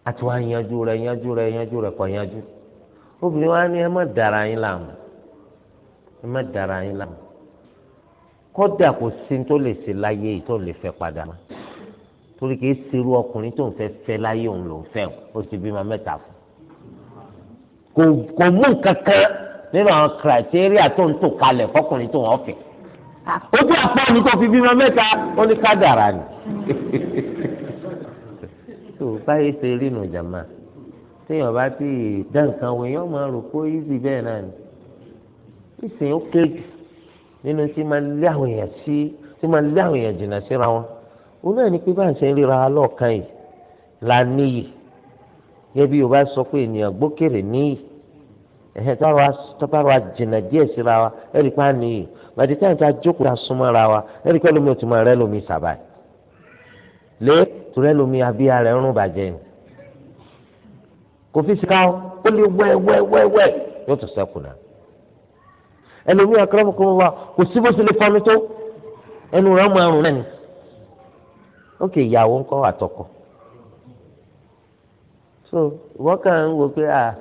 àti wàá yanjú rẹ̀ yanjú rẹ̀ yanjú rẹ̀ kọ̀ yanjú obìnrin wa ni ẹ má dara yín láàmú ẹ má dara yín láàmú kódà kò sí tó lè ṣe láyé yìí tó lè fẹ́ padà mọ́ torí kìí ṣerú ọkùnrin tó ń fẹ́ fẹ́ láyé òun ló ń fẹ́ o ti bímọ mẹ́ta fún kò kò mú nǹkan nínú àwọn kìrìtẹ́rì tó ń tò kalẹ̀ fọkùnrin tó wọ́n fẹ́ ah, ojú pọ̀ ní kó fi bímọ mẹ́ta ó ní kádàrá ni. tó báyìí ṣe rí nù jàmá téèyàn bá ti dá nǹkan wo èèyàn máa rò pé easy bẹ́ẹ̀ náà ni ìsìn ó kéè jù nínú tí máa lé àwọn èèyàn sí tí máa lé àwọn èèyàn jìnnà síra wọn òun náà ni pé bá ń ṣe ríra lọ́ọ̀kan yìí la níyì gẹ́gẹ́ bí Yorùbá sọ pé ènìyàn gbókèrè níyì ẹ̀hẹ́ tọ́ba wa jìnnà díẹ̀ síra wa ẹ̀rí pa nìyí bàtí táyà tá a jókòó ta súnmọ́ra wa ẹ̀rí pẹ́ lómi òtún mọ́ rẹ́ lómi sàbà lé turẹ́ lómi abíyá rẹ̀ ń rún bàjẹ́ ni kò fi sika ó lé wẹ́wẹ́wẹ́wẹ́ yóò tún sẹ́kù náà ẹlòmíì akọ́rọ́mọkọ́mọ́ wa kò sí bó tilẹ̀ fanu tó ẹnu rẹ̀ mọ àrùn náà ni ókè ìyàwó ńkọ́ àtọkọ so ìwọ́n kàn ń wo pé ah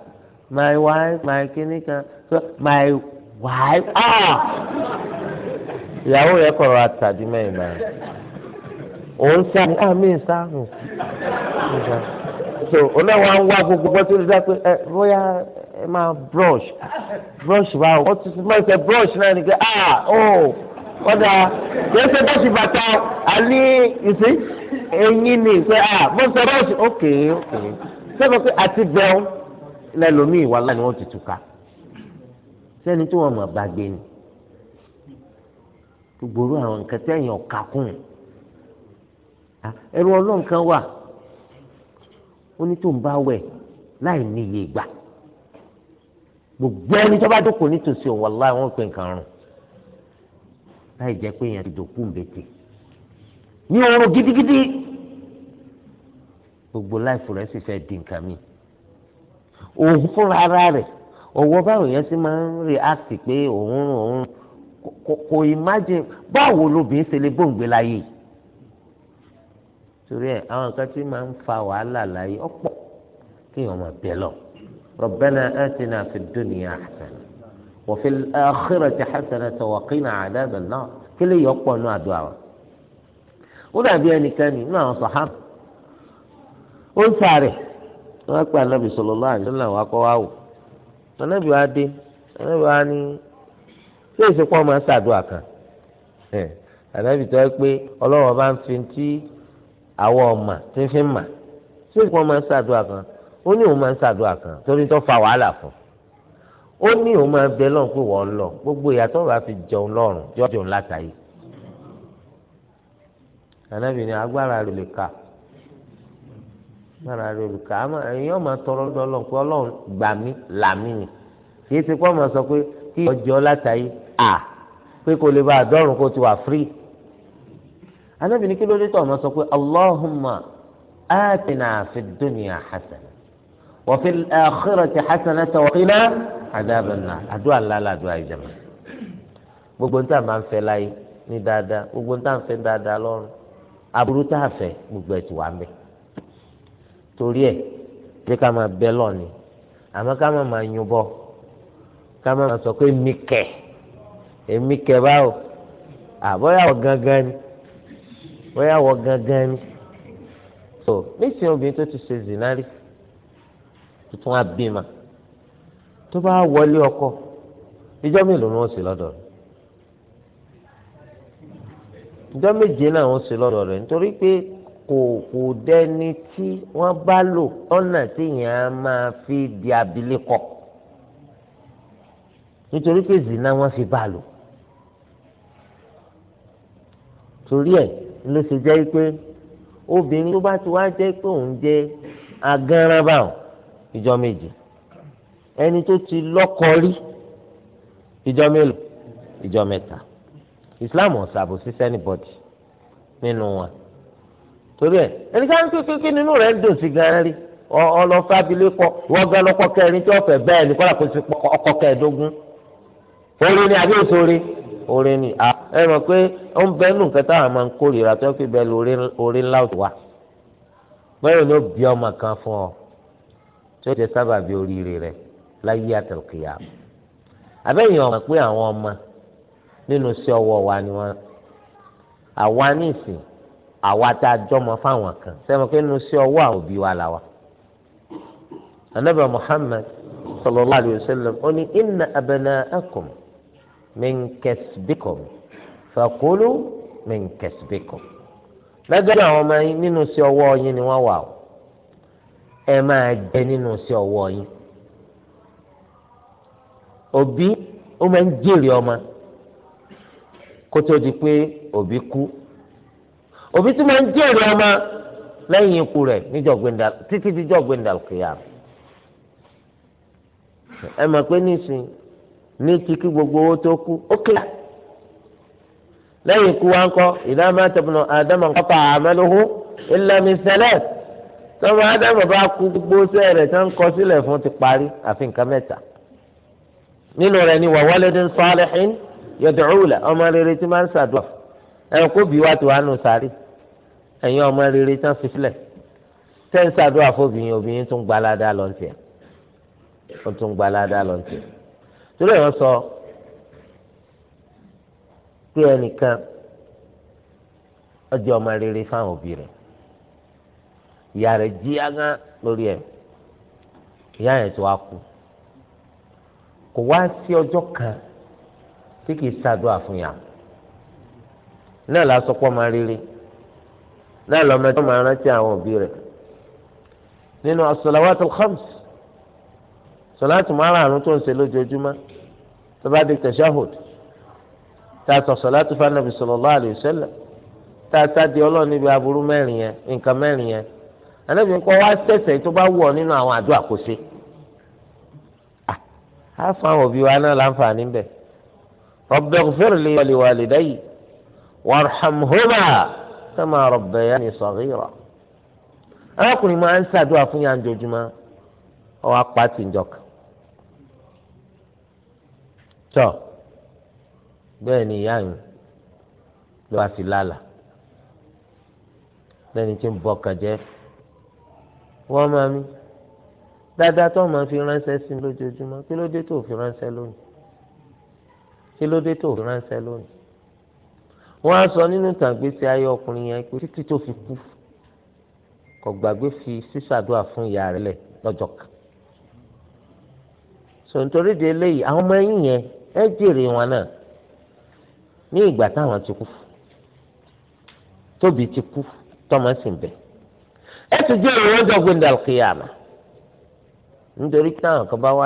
my wife my kini kan so my wife ah ìyàwó rẹ kọ̀rọ̀ àtàdé mẹ́rin náà òun sá ni ah mi sá mi sá so onáwó àwọn wá gbogbo bó ti rí dá pé ẹ eh, bóyá ẹ máa brush brush báwo wọ́n ti máa ṣe brush náà ni pé ah oh kọ́dà kìí ṣe brush bàtà àní ìsín ẹ̀yìn ni pé ah mo ṣe brush ok ok sẹ́nu pé àti bẹ́ẹ̀ lẹ́lòmíì wà láàánú wọn ti túká sẹ́ni tí wọ́n mọ̀ gbàgbé ni gbogbo àwọn nǹkan tẹ̀yìn ọ̀ka kùn ẹ̀rù ọlọ́run kan wà ó ní tó ń bá wẹ̀ láì níye gbà gbogbo ẹni tó bá dókòó nítòsí òun wàláì wọn pè nǹkan rùn láì jẹ́ pé èèyàn ti dòkú mbètè ní ọrùn gidigidi gbogbo láìfù rẹ̀ sì fẹ́ di nǹkan mìíràn òun fúnra ara rẹ̀ ọwọ́ báwo yẹn sì máa ń react pé òun òun kò imagine báwo lobìnrin ṣe lè gbòǹgbè láyé torí ẹ àwọn kan tí máa ń fa wàhálà láyé ọ̀pọ̀ kí wọn máa bẹ lọ Rabbana atina fid dunya hasana wa fil akhirati hasanatan wa qina adhaban nar kí lè yọ nù àdúrà wa ó dàbí ẹnikẹ́ni nínú àwọn ó ń sáré wọ́n pe anabi sallallahu alaihi wasallam wá kọ́ wá wò anabi wa dé anabi wa ní ṣé ìsìnkú ọmọ ṣàdúrà kan anabi tó yẹ pé ọlọ́wọ́ bá ń fi ti àwọ̀ ọ̀mà tí ń fi mà ṣé ìsìnkú ọmọ ṣàdúrà kan ó ní òun máa ń ṣàdúrà kan torí tó fa wàhálà fún ó ní òun máa bẹ lọ́run pé wọ́n lọ gbogbo ìyàtọ̀ bá fi jẹun lọ́rùn jọ́ jẹun látàyè anabi ní agbára rẹ̀ lè kà á lára rẹ olùkà àmọ́ ẹ̀yin ọmọ tọrọ lọ́dọ̀ Ọlọ́run pé Ọlọ́run gbà mí là mí ni kì í ti kọ́ ọmọ sọ pé kí ọjọ́ látàyè à pé kò lè bá àdọ́rùn kó ti wà free anábì ní kí ló dé tó ọmọ sọ pé Allahumma atina fid dunya hasana wa fil akhirati hasanatan wa qina adhaban nar àdúrà ìjàmbá gbogbo ní tá a máa ń fẹ́ láyé ní dáadáa gbogbo ní tá a ń fẹ́ dáadáa lọ́rùn torí ẹ̀ jẹ́ ká máa bẹ́ lọ ni àmọ́ ká máa máa yún bọ́ ká máa máa sọ pé mi kẹ̀ èmi kẹ̀ báwo àbọ̀yàwó gangan ni bọ́yàwó gangan ni so nísìnyí obìnrin tó ti ṣe zinari tuntun á bímọ tó bá wọlé ọkọ ìjọ mélòó ni wọ́n sì lọ́dọ̀ rẹ̀ ìjọ méje náà wọ́n sì lọ́dọ̀ rẹ̀ nítorí pé kò kò dẹni tí wọ́n bá lò ọ̀nà tí yẹn á máa fi di abilékọ nítorí pé zina wọ́n fi bá lò torí ẹ̀ ló ṣe jẹ́ pé obìnrin tó bá ti wá jẹ́ pé òun jẹ́ agánrábà ìjọ méjì ẹni tó ti lọ́kọ rí ìjọ mélòó ìjọ mẹ́ta Islam ọ̀sàbò sí sẹ́nìbọ̀dì nínú wọn torí ẹ ẹni ká ń pè kékeré nínú rẹ ń dùn sí gan rí ọlọfàbílẹ kọ wọn gan lọkọ kẹrin tí ọfẹ bẹ́ẹ̀ ní kọlá kó ti ọkọ kẹẹ̀dógún orin ni àbí òṣòrin orin ni à ẹ mọ̀ pé ó ń bẹ nù kẹta àwọn máa ń kórìíra tó fi bẹ orin ńlá òtún wa bẹ́ẹ̀ ló bí ọmọ kan fún ọ tí ó ti sábà bí oríire rẹ láyé àtẹ̀kìyà abẹ́yìn ọmọ pé àwọn ọmọ nínú sí ọwọ́ wa ni wọ́n àwa ní ìsìn àwa tá a jọmọ fáwọn kan sẹ́wọ̀n kí nínú sí ọwọ́ àwọn òbí wa là wa. anabi muhammad sallallahu alayhi wa sallam ó ní inna abna'akum min kasbikum fakulu min kasbikum. lẹ́gbẹ̀rún àwọn ọmọ yín nínú sí ọwọ́ yín ni wọ́n wà o ẹ máa jẹ nínú sí ọwọ́ yín. òbí ó máa ń di pé òbí kú. òbí tí máa ń jèrè ọmọ lẹ́yìn ikú rẹ̀ níjọ̀gbìndà títí díjọ̀gbìndà kìyà ẹ mọ̀ pé nísìn ní kíkí gbogbo owó tó kú ó kíyà lẹ́yìn ikú wa ń kọ́ idha mata ibnu Adama inqata'a amaluhu illa min thalath tọ́mọ ádámù bá kú gbogbo sẹ́ẹ̀rẹ̀ tó ń kọ sílẹ̀ fún ti parí àfi nǹkan mẹ́ta nínú rẹ̀ ni wa waladin salihin yad'u lahu ọmọ rere tí máa ń ṣàdúrà ẹ̀ bí wàá tó wà nù sáré ẹ̀yin ọmọ rere tán fi sílẹ̀ tẹ́ǹsì àdúrà fóbìnrin obìnrin tún gbalada lọ tiẹ̀ ó tún gbalada lọ tiẹ̀ torí ẹ̀rọ sọ pé ẹnìkan ọjọ́ ọmọ rere fáwọn òbí rẹ̀ ìyá rẹ̀ jí ágán lórí ẹ̀ ìyá yẹn tó wá kú kò wá sí ọjọ́ kan tí kìí ṣàdúrà fún yà náà lásọpọ̀ máa rere náà lọ́mọ tó máa rántí àwọn òbí rẹ̀ nínú as-salawatul khams sọláàtì márùn-ún tó ń ṣe lójoojúmọ́ tó bá di tashahhud tá a sọ sọláàtì fanabi sallallahu alayhi wa sallam tá a sáde ọlọ́run níbi aburú mẹ́rin yẹn nǹkan mẹ́rin yẹn anábì ń kọ́ wá sẹ̀sẹ̀ tó bá wù ọ́ nínú àwọn àdúrà kò ṣe ah, á àwọn òbí wa náà láǹfààní bẹ̀ rabbighfirli wa liwalidayya warhamhuma kama rabbayani saghira arákùnrin máa ń ṣàdúrà fún yàn jojúmọ́ ọwọ́ apáti ìjọka tọ́ bẹ́ẹ̀ ni ìyá yìí ló wá sí lálàá lẹ́ni tí ń bọ́ kàjẹ́ wọ́n máa mi dáadáa tó máa fi ránṣẹ́ sí mi lójoojúmọ́ kí ló dé tó fi ránṣẹ́ lónìí kí ló dé tó fi ránṣẹ́ lónìí wọ́n á sọ nínú tàgbésí ayé ọkùnrin yẹn pé títí tó fi kú kò gbàgbé fi sísàdúrà fún ìyá rẹ̀ lẹ̀ kan sọ̀ntorí de eléyìí àwọn ọmọ ẹ̀yìn yẹn ẹ jèrè wọn náà ní ìgbà táwọn ti kú tóbi ti kú tọmọ sì ń bẹ ẹ ti jèrè wọn jọ gbẹndà kìyàmà nítorí táwọn kan bá wà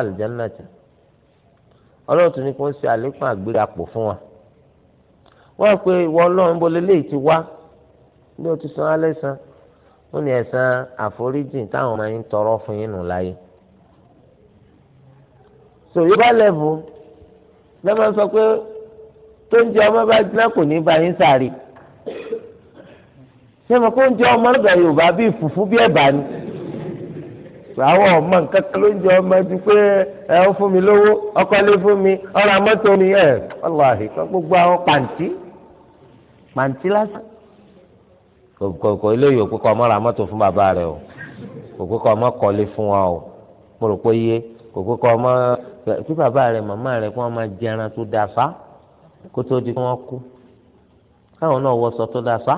ọlọ́run wọ́n pe ìwọ ọlọ́run bó lélẹ́yìí ti wá bí o ti san alẹ́ san wọ́n ní ẹ̀san àforíjìn táwọn máa ń tọrọ fún yín nù láyé. sọ yóò bá lẹ́bù lẹ́mọ̀ sọ pé tó ń jẹ ọmọ bá jiná kò ní bá yín sáré ṣé mo kó ń jẹ ọmọ lọ́dọ̀ yorùbá bíi fùfú bí ẹ̀bà ni àwọn ọmọ nǹkan kan ló ń jẹ ọmọ ju pé ẹ ń fún mi lówó ọkọ lé fún mi ọ̀rọ̀ amọ́tò mi ẹ̀ ọlọ́ọ̀hìn kan gbogbo àwọn pàǹtí pàǹtí lásán kòkòkò eléyìí òpè kọ́ ọmọ ra mọ́tò fún bàbá rẹ o òpè kọ́ ọmọ kọ́lé fún wa o mo rò pé yé òpè kọ́ ọmọ kí bàbá rẹ màmá rẹ kí wọ́n máa jẹran tó da fa kó tó di kí wọ́n kú káwọn náà wọṣọ tó da fa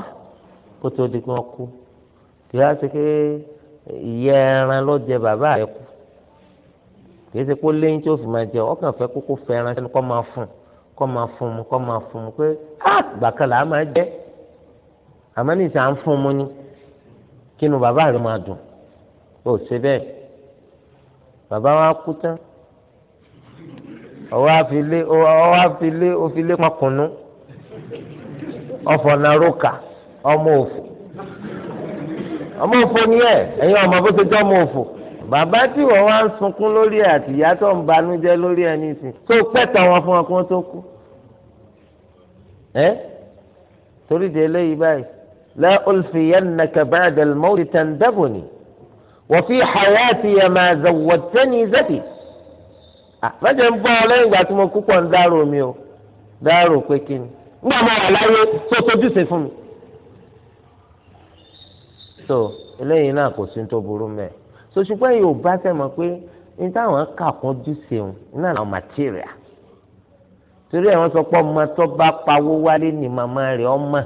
kó tó di kí wọ́n kú kì í ṣe pé ìyá ẹran ló jẹ bàbá rẹ kú kì í ṣe pé ó léyìn tí fi máa jẹ ọkàn fẹ́ kókó fẹ́ ẹran kí wọ́n máa fún un kọ́ máa fún mu kọ́ máa fún mu pé ah, gbàkan là á máa jẹ́ àmọ́ ní ìsà ń fún mu ni kí nu bàbá rẹ̀ máa dùn ó ṣe bẹ́ẹ̀ bàbá wa kú tán ọwọ́ àfilé ọwọ́ àfilé òfilé pọkùnú ọ̀fọ̀ nàrókà ọmọ òfò ọmọ òfò ni ẹ ẹ̀yin ọmọ bó ṣe jẹ́ ọmọ òfò bàbá tí wọ́n wá ń sunkún lórí ẹ̀ àti ìyá tó ń banújẹ́ lórí ẹ̀ nísìn tó pẹ́ta wọn fún wọn kí wọ́n tó kú ẹ́ torí de eléyìí báyìí la ulfiyannaka ba'da al-mawti tandabuni wa fi hayatiya ma zawwajtani zati àfẹ́jẹ̀ ń bọ́ ọ lẹ́yìn ìgbà tí mo kú pọ̀ ń dárò mi o dárò pé kí ni nígbà máa wà láyé tó tójúṣe fún mi. so eléyìí náà kò sí tó burú mẹ́ẹ̀ sọ̀sùpẹ́ yóò bá sẹ́mọ̀ pé ní táwọn kà kún jù sẹ́wọ̀n náà làwọn material torí ẹ̀ wọ́n sọ pé ọmọ tó bá pawó wálé ni màmá rẹ̀ ọmọ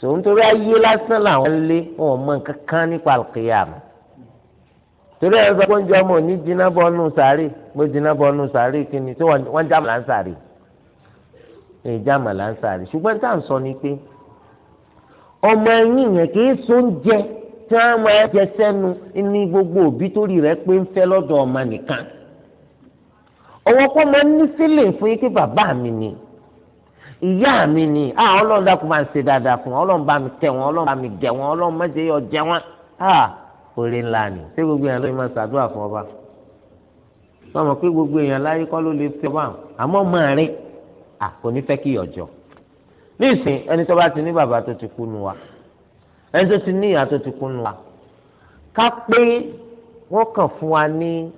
sòun torí ayé lásán làwọn lé wọn mọ nǹkan kan nípa àlùkìyàmù torí ẹ̀ sọ pé oúnjẹ ọmọ òní jiná bọ́nú sàárè bó jiná bọ́nú sàárè kí ni tí wọ́n já màlá ń sàárè ìjà màlá ń sàárè ṣùgbọ́n táà ń sọ ni pé ọmọ ẹ̀yìn yẹn kì í sóúnjẹ tí wọ́n máa jẹ sẹ́nu ní gbogbo òbí torí rẹ̀ pé ń fẹ́ lọ́dọ̀ ọmọ nìkan ọwọ́ kọ́ máa ń ní sílẹ̀ fún yín pé bàbá mi ni ìyá mi ni a ọlọ́run dákun máa ń ṣe dáadáa fún wọn ọlọ́run bá mi tẹ̀ wọn ọlọ́run bá mi gẹ̀ wọn ọlọ́run má ṣe yọ jẹ wọn oore ńlá ni ṣé gbogbo èèyàn ló máa ṣàdúrà fún ọba sọmọ pé gbogbo èèyàn láyé kọ́ ló lè fi ọba àmọ́ máa rí kò ní fẹ́ kí ìyọ̀jọ́ ní ìsìn ẹni tó bá ti ní bàbá tó ti kú nu wa ẹni tó ti ní ìyàtọ̀ ti kún wa ká pé wọ́n kàn fún wa ní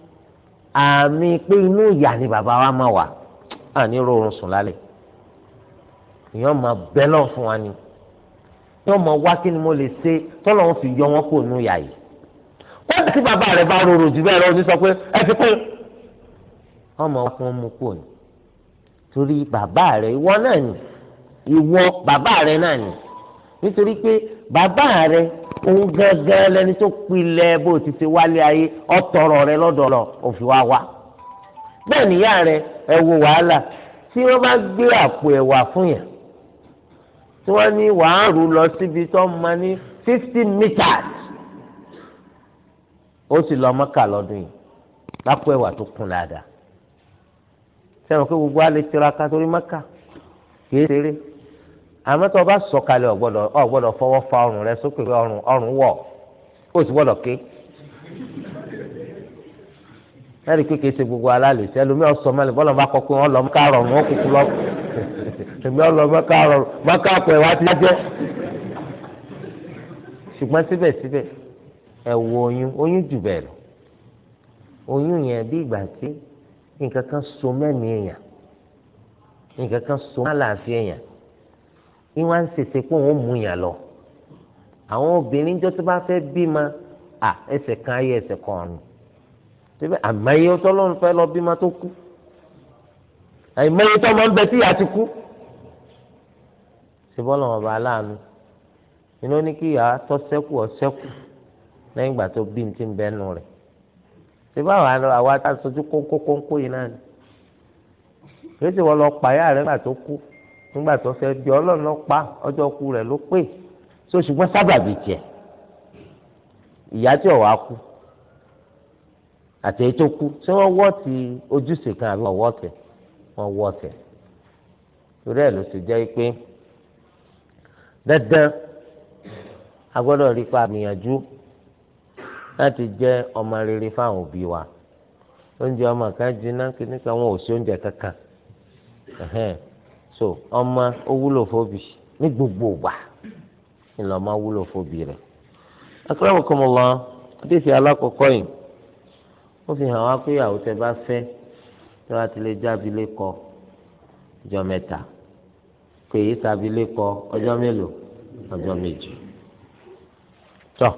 àmì pé inú ìyà ni bàbá wa máa wà á ní rọrùn sùn lálẹ́ èèyàn máa bẹ́ lọ́n fún wa ni èèyàn máa wá kí ni mo lè ṣe tọ́lọ́ wọn fi yọ wọn kó inú ìyà yìí wọ́n ti bàbá rẹ̀ bá rorò jù bẹ́ẹ̀ lọ ní sọ pé ẹ ti pín wọ́n máa wá kí wọ́n mú kó ni torí bàbá rẹ̀ ìwọ náà ni ìwọ bàbá rẹ̀ náà ni nítorí pé bàbá rẹ òun gẹ́gẹ́ lẹni tó pilẹ̀ bó ti ṣe wálé ayé ọ̀tọ̀rọ̀ rẹ lọ́dọọlọ òfin wa wá bẹ́ẹ̀ níyà rẹ ẹ wo wàhálà tí wọ́n bá gbé àpò ẹ̀wà fún yàn tí wọ́n ní wàá lọ síbi tó máa ní fifty meters ó sì lọ mọ́kà lọ́dún yìí lápò ẹ̀wà tó kún dáadáa sẹ́wọ̀n pé gbogbo alẹ́ tiraka torí mọ́kà kì í ṣeré àmọ́ tó o bá sọ̀kalẹ̀ ọ̀gbọ́dọ̀ ọ̀gbọ́dọ̀ fọwọ́ fa ọrùn rẹ sókè pé ọrùn ọrùn wọ̀ ó sì gbọ́dọ̀ ké lẹ́yìn pé kìí ṣe gbogbo alálẹ̀ ṣe ẹlòmíì ọ̀sọ̀ mẹ́lẹ̀ bọ́lá bá kọ́ pé wọ́n lọ mọ́ká rọrùn wọ́n kúkú lọ èmi ọ̀lọ́ mọ́ká rọrùn mọ́ká pẹ̀ wá ti jẹ́ ṣùgbọ́n síbẹ̀síbẹ̀ ẹ wo oyún oyún jù bẹ́ẹ̀ lọ oyún yẹn bí ìgbà tí nǹkan kan so mẹ́mìí èèyàn nǹkan kan so mọ́ àlàáfíà èèyàn ní wọn ń ṣèṣe pé wọn mú yàn lọ àwọn obìnrin jọ tó bá fẹ́ bímọ à ẹsẹ̀ kan ayé ẹsẹ̀ kan ọ̀run síbẹ̀ àmọye ọtọ́lọ́run fẹ́ lọ bímọ tó kú àmọye tó máa ń bẹ tí ìyá ti kú ṣe bọ́lá wọn bá aláàánú iná ní kí ìyá tọ́ sẹ́kù ọ sẹ́kù lẹ́yìn ìgbà tó bí ti ń bẹ́nu rẹ̀ ṣe bá wà àwa tá a sojú kókó kónkó yìí náà ni kí ló ti wọ́n lọ pààyà rẹ̀ nígbà tó kú nígbà tó fẹ́ di ọlọ́run lọ pa ọjọ́ ku rẹ̀ ló pè so ṣùgbọ́n sábàbí tiẹ̀ ìyá tí ọ̀wá kú àti èyí tó kú ṣé wọ́n wọ́ ti ojúṣe kan àbí wọ́n wọ́ tẹ̀ wọ́n wọ́ tẹ̀ torí ẹ̀ ló ti jẹ́ pé dandan a gbọ́dọ̀ rí pa àmìyànjú láti jẹ́ ọmọ rere fáwọn òbí wa oúnjẹ ọmọ kan jiná kí nípa wọn ò sí oúnjẹ kankan so ọmọ ó wúlò fóbi ní gbogbo ìgbà ńlọ ọmọ wúlò fóbi rẹ̀ akọ́lẹ́mọ̀kọ́mọ́lá adéṣe alákọ̀ọ́kọ́ yìí ó fi hàn wá pé ìyàwó tẹ bá fẹ́ tí wọ́n ti lè jábí lẹ́kọ ọjọ́ mẹ́ta pé èyí tàbí lẹ́kọ ọjọ́ mélòó ọjọ́ méjì tọ́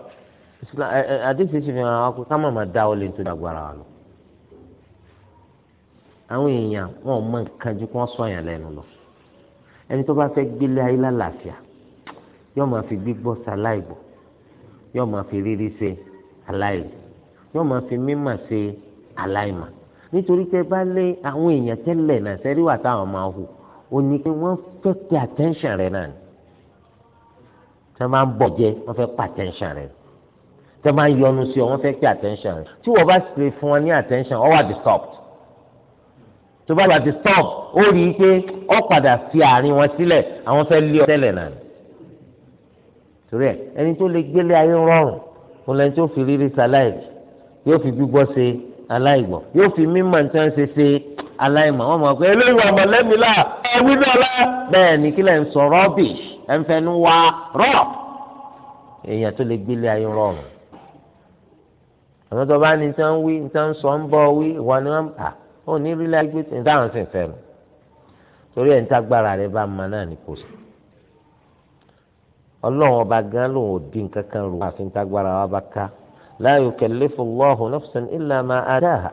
àdéṣe ṣe fi hàn wá pé ká má dá ọ lè tó wa lọ àwọn èèyàn wọn ò mọ nǹkan ju kí wọ́n sọ yẹn lẹ́nu lọ ẹni tó bá fẹ́ gbélé ayé lálàáfíà yóò máa fi gbígbọ́ ṣe aláìgbọ́ yóò máa fi rírí ṣe aláìrí yóò máa fi mímọ̀ ṣe aláìmọ̀ nítorí pé bá lé àwọn èèyàn tẹ́lẹ̀ náà sẹ́rí wà táwọn máa hù ó ní pé wọ́n fẹ́ pe attention rẹ̀ náà ni tẹ́ máa ń bọ̀ jẹ́ wọ́n fẹ́ pa attention rẹ̀ tẹ́ máa ń yọnu sí ọ wọ́n fẹ́ pe attention rẹ̀ tí wọ́n bá ṣe fún wọn ní attention ọ wà disturbed tó bá bàtí stop ó rí i pé ó padà fi àárín wọn sílẹ̀ àwọn fẹ́ lé ọ tẹ́lẹ̀ náà torí ẹ ẹni tó lè gbélé ayé rọrùn òun lẹni tó fi rírí sàláìsì yóò fi gbígbọ́ se aláìgbọ́ yóò fi mímọ̀ ní tí wọ́n ṣe ṣe aláìmọ̀ wọ́n mọ̀ pé eléyìí wà mọ̀lẹ́mi là ẹ̀wí náà lá bẹ́ẹ̀ ni kílẹ̀ ń sọ rubbish ẹ̀ ń fẹnu wa rọ̀ èèyàn tó lè gbélé ayé rọrùn àwọn tó bá ní tí wọ́n wí tí wọ́n sọ ń bọ̀ wí ìwà ni wọ́n à ó ní rí láyé gbé táwọn sì fẹ́ lọ torí ẹ̀ ń bá ma náà ní kò ọba gan kankan rò àfi ń wa bá ká la yukallifullahu nafsan illa ma ataha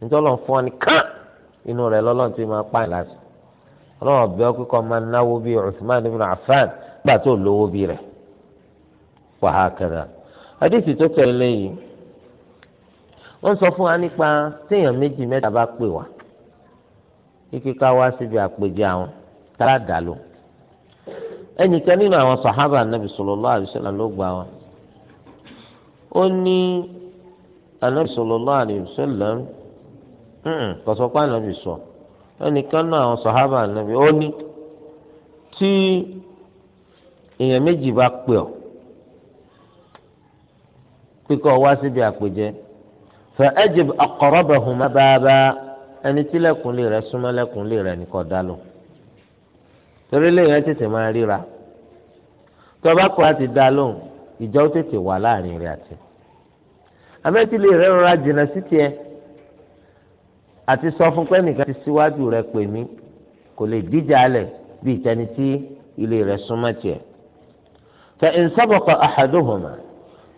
nítorí fún ọ nìkan inú rẹ lọ́lọ́run ti máa pààyàn láti ọlọ́run ọbẹ̀ ọ kíkọ́ máa náwó bíi Uthman ibn Affan gbà tó lówó bíi rẹ̀ wàhákàdà àdìsí tó wọ́n sọ fún wa nípa téèyàn méjì mẹ́ta bá pè wá kíkí ká wá síbi àpèjẹ àwọn tára dà ló ẹnìkan nínú àwọn sàhábà nàbì sallallahu alaihi wasallam ló gbà wọn ó ní ànábì sallallahu alaihi wasallam kọsọpá sọ ẹnìkan náà àwọn sàhábà nàbì ó ní tí èèyàn méjì bá pè ọ wá síbi àpèjẹ. fa'ajib aqrabahuma baba ẹni tí lẹ́kùnlé rẹ̀ súnmọ́ lẹ́kùnlé rẹ̀ nìkan dá lọ. torí lẹ́yìn ẹ tètè máa ríra tó bá kọ́ láti dá lóhùn ìjà ó tètè wà láàrin rẹ̀ àti. amẹ́tìlẹ̀ rẹ̀ rọra jìnnà sí tiẹ̀ àti sọ fún pé nìkan ti síwájú rẹ̀ pè mí kò lè díjà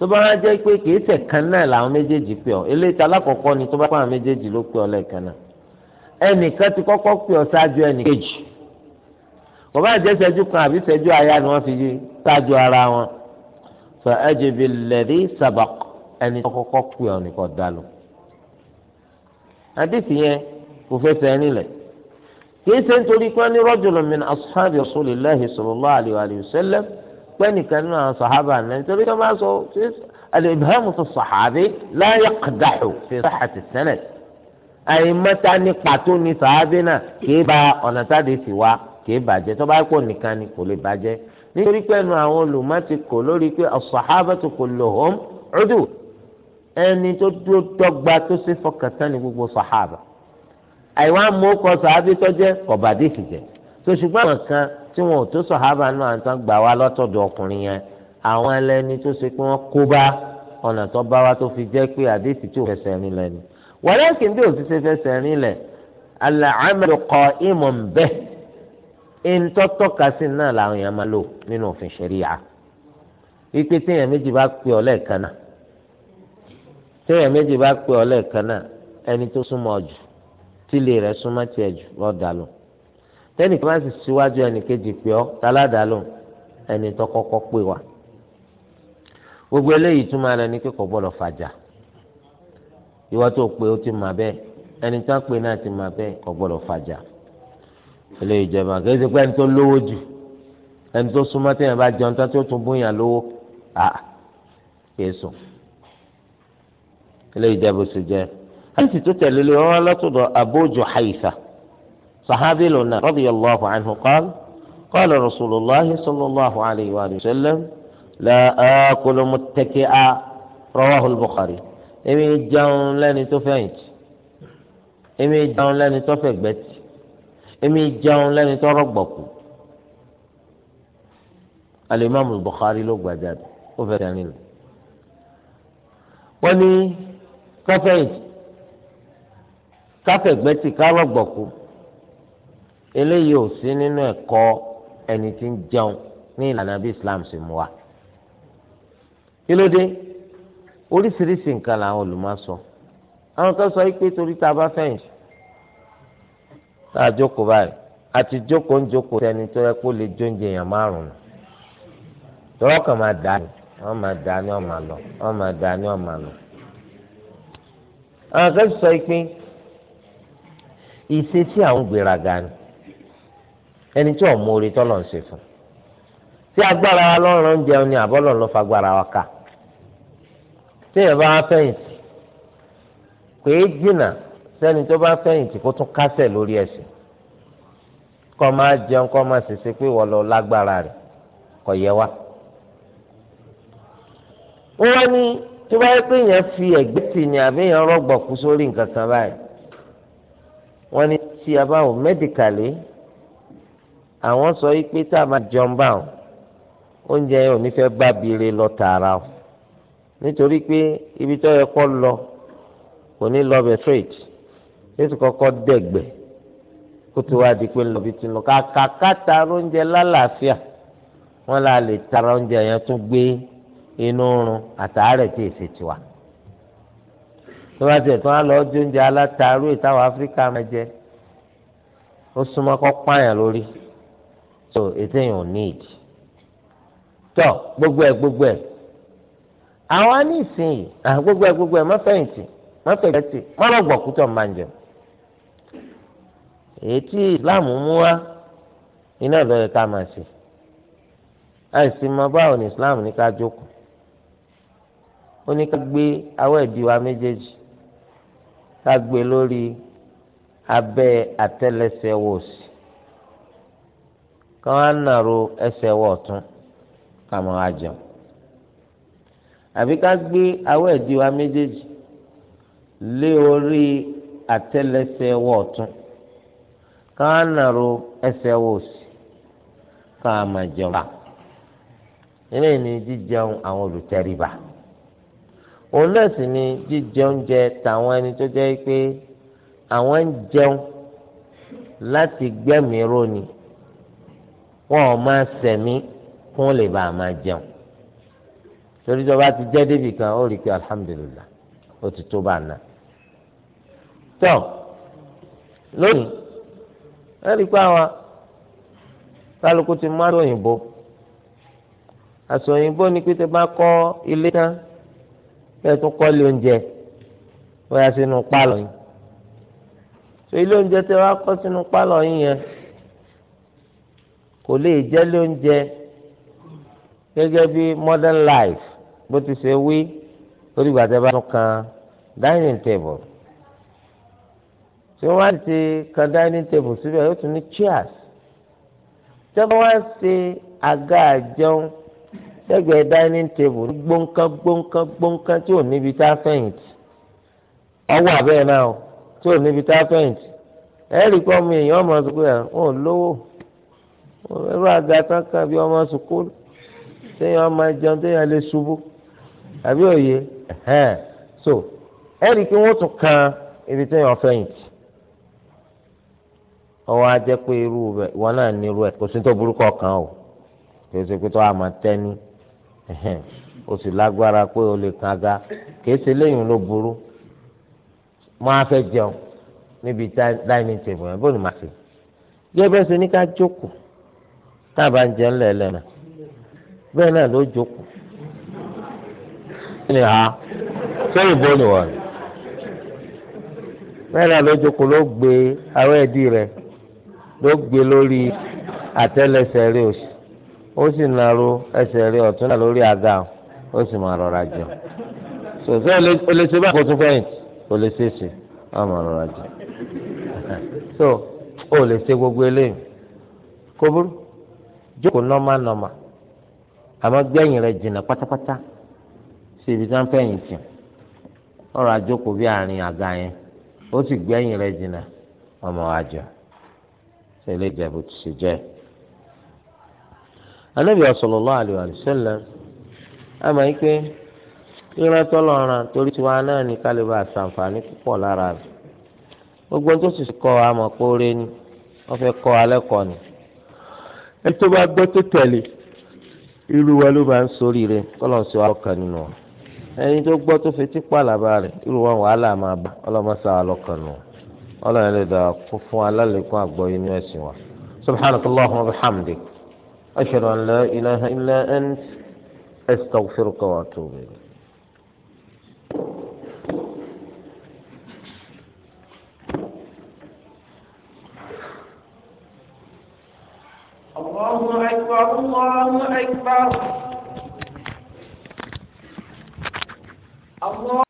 tó bá wá jẹ́ pé kì í kan náà làwọn méjèèjì pè ni tó bá pàwọn méjèèjì ló pè ọ́ lẹ́ẹ̀kan náà ẹnìkan ti kọ́kọ́ pè ọ́ ṣáájú ẹnìkejì kò bá jẹ́ kan àbí ṣẹ́jú aya ni wọ́n fi ṣáájú ara wọn fa ajibi alladhi sabaq ẹni tó kọ́kọ́ pè ọ́ nìkan dálò àdìsí yẹn kò fẹsẹ̀ nílẹ̀ kì í ṣe nítorí pé ní rajulun pẹ́nìkan nínú àwọn sàhábà náà nítorí tó máa sọ al-ibhamu fi sàhábì la yaqdahu fi sihhati sanad àìmọ́ta ní pàtó ní sàhábì náà kìí ba ọ̀nà táde sì wá kìí bàjẹ́ tó bá pọ̀ nìkan ni kò lè bàjẹ́ nítorí pẹ́ẹ́nu àwọn olùmọ̀ ti kò lórí pé as-sahabatu kulluhum udul ẹni tó dúró dọ́gba tó ṣe fọkàntán ní gbogbo sàhábà àìwá mú kọ sàhábì tó jẹ́ kọ̀bàdì sì jẹ́ tó ṣùgbọ́n àwọn kan tí wọn ò tó sọ̀hábà náà àǹtán gbà wá lọ́tọ̀dọ̀ ọkùnrin yẹn àwọn ẹlẹ́ni tó ṣe pé wọ́n kó bá ọ̀nà tó bá wa tó fi jẹ́ pé àdéhìí tó fẹsẹ̀ rìn lẹ̀ ni. walakin bí òsì ṣe fẹsẹ̀ rìn lẹ̀ al-amalu qa'imun bih ìǹtọ́tọ́ka sí náà làwọn èèyàn máa lò nínú òfin ṣẹ̀ríyà. ipe téèyàn méjì bá pè ọ́ lẹ́ẹ̀kan náà téèyàn méjì bá pè ọ́ lẹ́ẹ̀kan náà ẹni tó súnmọ́ jù tílé rẹ̀ súnmọ́ tiẹ̀ jù lọ́ọ́ dà tẹ́nìkan bá sì síwájú ẹnìkejì pé ọ́ táládàá lò ẹni tó kọ́kọ́ pè wá gbogbo eléyìí túmọ̀ rẹ̀ ní kíkọ́ gbọ́dọ̀ fàjà ìwọ tó pé ó ti mà bẹ́ẹ̀ ẹni tó pè náà ti mà bẹ́ẹ̀ kọ́ gbọ́dọ̀ fàjà eléyìí jẹba kì í ṣe pé ẹni tó lówó jù ẹni tó súnmọ́ téèyàn bá jẹun tó tó tún bóyá lówó à kì í sùn eléyìí jẹ bó ṣe jẹ. àti tó tẹ̀lé lé wọn lọ́tọ̀dọ̀ صحابي لنا رضي الله عنه قال قال رسول الله صلى الله عليه وآله وسلم لا آكل متكئا رواه البخاري èmi jẹun lẹ́ni tó fẹ̀yìntì èmi jẹun lẹ́ni tó fẹ̀gbẹ́tì èmi jẹun lẹ́ni tó rọ̀gbọ̀kú alimami Bukhari ló gbàjà ó fẹ́ sẹ́ni lọ. wọ́n ní káfẹ̀yìntì káfẹ̀gbẹ́tì kárọ̀gbọ̀kú eléyìí ò sí nínú ẹ̀kọ́ ẹni tí ń jẹun ní ìlànà bí Islam ṣe mú wa kí ló dé oríṣiríṣi nǹkan làwọn olùmọ̀ sọ àwọn kan sọ pé torí tá a bá fẹ̀yìn tá a jókòó báyìí àti jókòó ń jókòó sẹ́ni tó yẹ kó lè jóúnjẹ èèyàn márùn-ún kan máa dà ní wọ́n máa dà ní ọ̀mà lọ wọ́n máa dà ní ọ̀mà lọ. àwọn kan sọ pé ìṣesí àwọn gbéraga ni ẹni tí ọmọ orí tọ́lọ̀ ń ṣe fún tí agbára wa lọ́rọ̀ ń jẹun ni àbọ́lọ̀ ló fa agbára wa ká tí èèyàn bá fẹ̀yìntì pé jìnnà sẹ́ni tó bá fẹ̀yìntì kó tún kásẹ̀ lórí ẹ̀sìn kọ́ máa jẹun kọ́ máa ṣèṣe pé wọ́n lọ lágbára rẹ̀ kọ̀ yẹ wa. wọ́n ní tó bá yẹ pé èèyàn fi ẹ̀gbẹ́ tì ní àbí èèyàn rọ̀gbọ̀kú sórí nǹkan kan báyìí wọ́n ní tí a bá wò mẹ́díkàlì àwọn sọ yìí pé tá a máa jọun bá wọn oúnjẹ yẹn ò ní fẹ́ bá biire lọ tààrà o nítorí pé ibi tó yẹ kó lọ kò ní lọ bẹ̀ straight yéésù kọ́kọ́ dẹ̀gbẹ̀ kó tó wá di pé lọ́bi ti lọ kàkà káta oúnjẹ lálàáfíà wọn là lè tara oúnjẹ yẹn tún gbé inú oorun àtàárẹ̀ tí èsì tiwa tó bá tiẹ̀ tó wá lọ oúnjẹ alátaarú ìtawọ̀ áfíríkà máa ó súnmọ́ kó pààyàn lórí so etéyìn ò ní ìdí tọ gbogbo ẹ gbogbo ẹ àwọn anísìnyìí gbogbo ẹ gbogbo ẹ mọ́fẹ̀yìntì mọ́fẹ̀yìntì mọ́lọ́gbọ̀kútọ̀ máa ń jẹun èyí tí Islam mú wá iná ìlọrin ká máa ṣe àìsí mọ báwo ni Islam ní ká jókòó ó ní ká gbé awọ ẹbí wa méjèèjì ká gbé lórí abẹ́ àtẹ́lẹsẹ̀ wòsì kàn á nàró ẹsẹ̀ ọ̀tún ká mọ́ á gbé awọ ẹ̀dí wa méjèèjì lé orí àtẹ́lẹsẹ̀ ọ̀tún ká á nàró ẹsẹ̀ wọ̀ ká a jẹun ni jíjẹun àwọn òun náà ni jíjẹun jẹ tàwọn ẹni tó jẹ́ pé àwọn ń jẹun láti gbẹ́mìí wọn ò máa sẹ̀mí kún lè bá a máa jẹun torí tó bá ti jẹ́ débì kan ó rí i pé alhamdulillah ó ti tó bá a ná. tó lónìí ẹ rí i pé àwọn kálukú ti mú àtòyìnbó àtòyìnbó ni pété bá kọ́ ilé tán bẹ́ẹ̀ tún kọ́ ilé oúnjẹ bóyá sínú pálọ̀ yìí so ilé oúnjẹ tẹ wá kọ́ sínú pálọ̀ yìí yẹn kò lè jẹ́ lóúnjẹ gẹ́gẹ́ bí modern life bó ti ṣe wí lórí ìgbà tí a bá tún kan dining table tí wọ́n á ti kan dining table síbẹ̀ yóò tún ní chairs tí wọ́n á ṣe àga àjẹun sẹ́gbẹ̀ẹ́ dining table ní gbóǹkan gbóǹkan gbóǹkan tí ò níbi tá a fẹ̀yìntì ọwọ́ àbẹ́ẹ̀ náà tí ò níbi tá a fẹ̀yìntì ẹ̀ẹ́dì kan mi èèyàn ọmọ sọ pé ẹ̀ ń lówó ẹrú àga tán kan bí ọmọ sùkúl téèyàn ọmọ ẹjọ téèyàn lè ṣubú àbí òye so ẹrí kí wọn tún kan ibi téèyàn fẹ̀yìntì ọwọ ajẹ pé irú rẹ wọn náà ní irú ẹ kò sí tó burúkọ kan o kò sí pé tó àmọ́ tẹni ẹhẹn o sì lágbára pé o lè kan aga kì í ṣe léyìn ló burú mo á jẹun níbi dining table yẹn bó ni màá ṣe gẹ́gẹ́ bẹ́ẹ̀ ṣe ká jókòó tábà ń jẹ ńlẹ̀ lẹ́nà bẹ́ẹ̀ náà ló jókòó ní ha sẹ́yìn bó ni wọ́n bẹ́ẹ̀ náà ló jókòó ló gbé àwọn ẹ̀dí rẹ̀ ló gbé lórí àtẹ́lẹsẹ̀ rẹ̀ o ó sì nàró ẹsẹ̀ rẹ̀ ọ̀tún náà lórí ó sì máa rọra o bá kó tún fẹ́yìn o lè ṣe máa rọra so o se gbogbo eléyìí kó burú. jókòó nọ́mà nọ́mà àmọ́ gbẹ̀yìn rẹ̀ jìnnà pátápátá sí ibi tí wọ́n fẹ̀yìn tì ọ̀rọ̀ àjókòó bí àárín àga yẹn ó sì gbẹ̀yìn rẹ̀ jìnnà ọmọ àjọ tẹ̀lé ìjẹ̀bù tó ṣe jẹ́. anábì sallallahu alaihi wasallam àmọ́ yìí pé ìran tọ́lọ́ran torí tiwa náà kálíbà lára gbogbo tó sì kóore ni ẹni tó bá gbọ́ tó tẹ̀lé irú wa ló máa ń sórí rẹ kọ́lọ̀ sí wa lọ́kàn nínú wa ẹni tó gbọ́ tó fetí pàlàbà rẹ irú wa wàhálà máa bá ọlọ́mọsá wa lọ́kàn nù ọlọ́run lè dà kó fún alálẹ́kùn àgbọ̀ inú ẹ̀sìn wa subhanaka allahumma wa bihamdik ashhadu an la ilaha illa ant astaghfiruka wa atubu ilayk. الله أكبر الله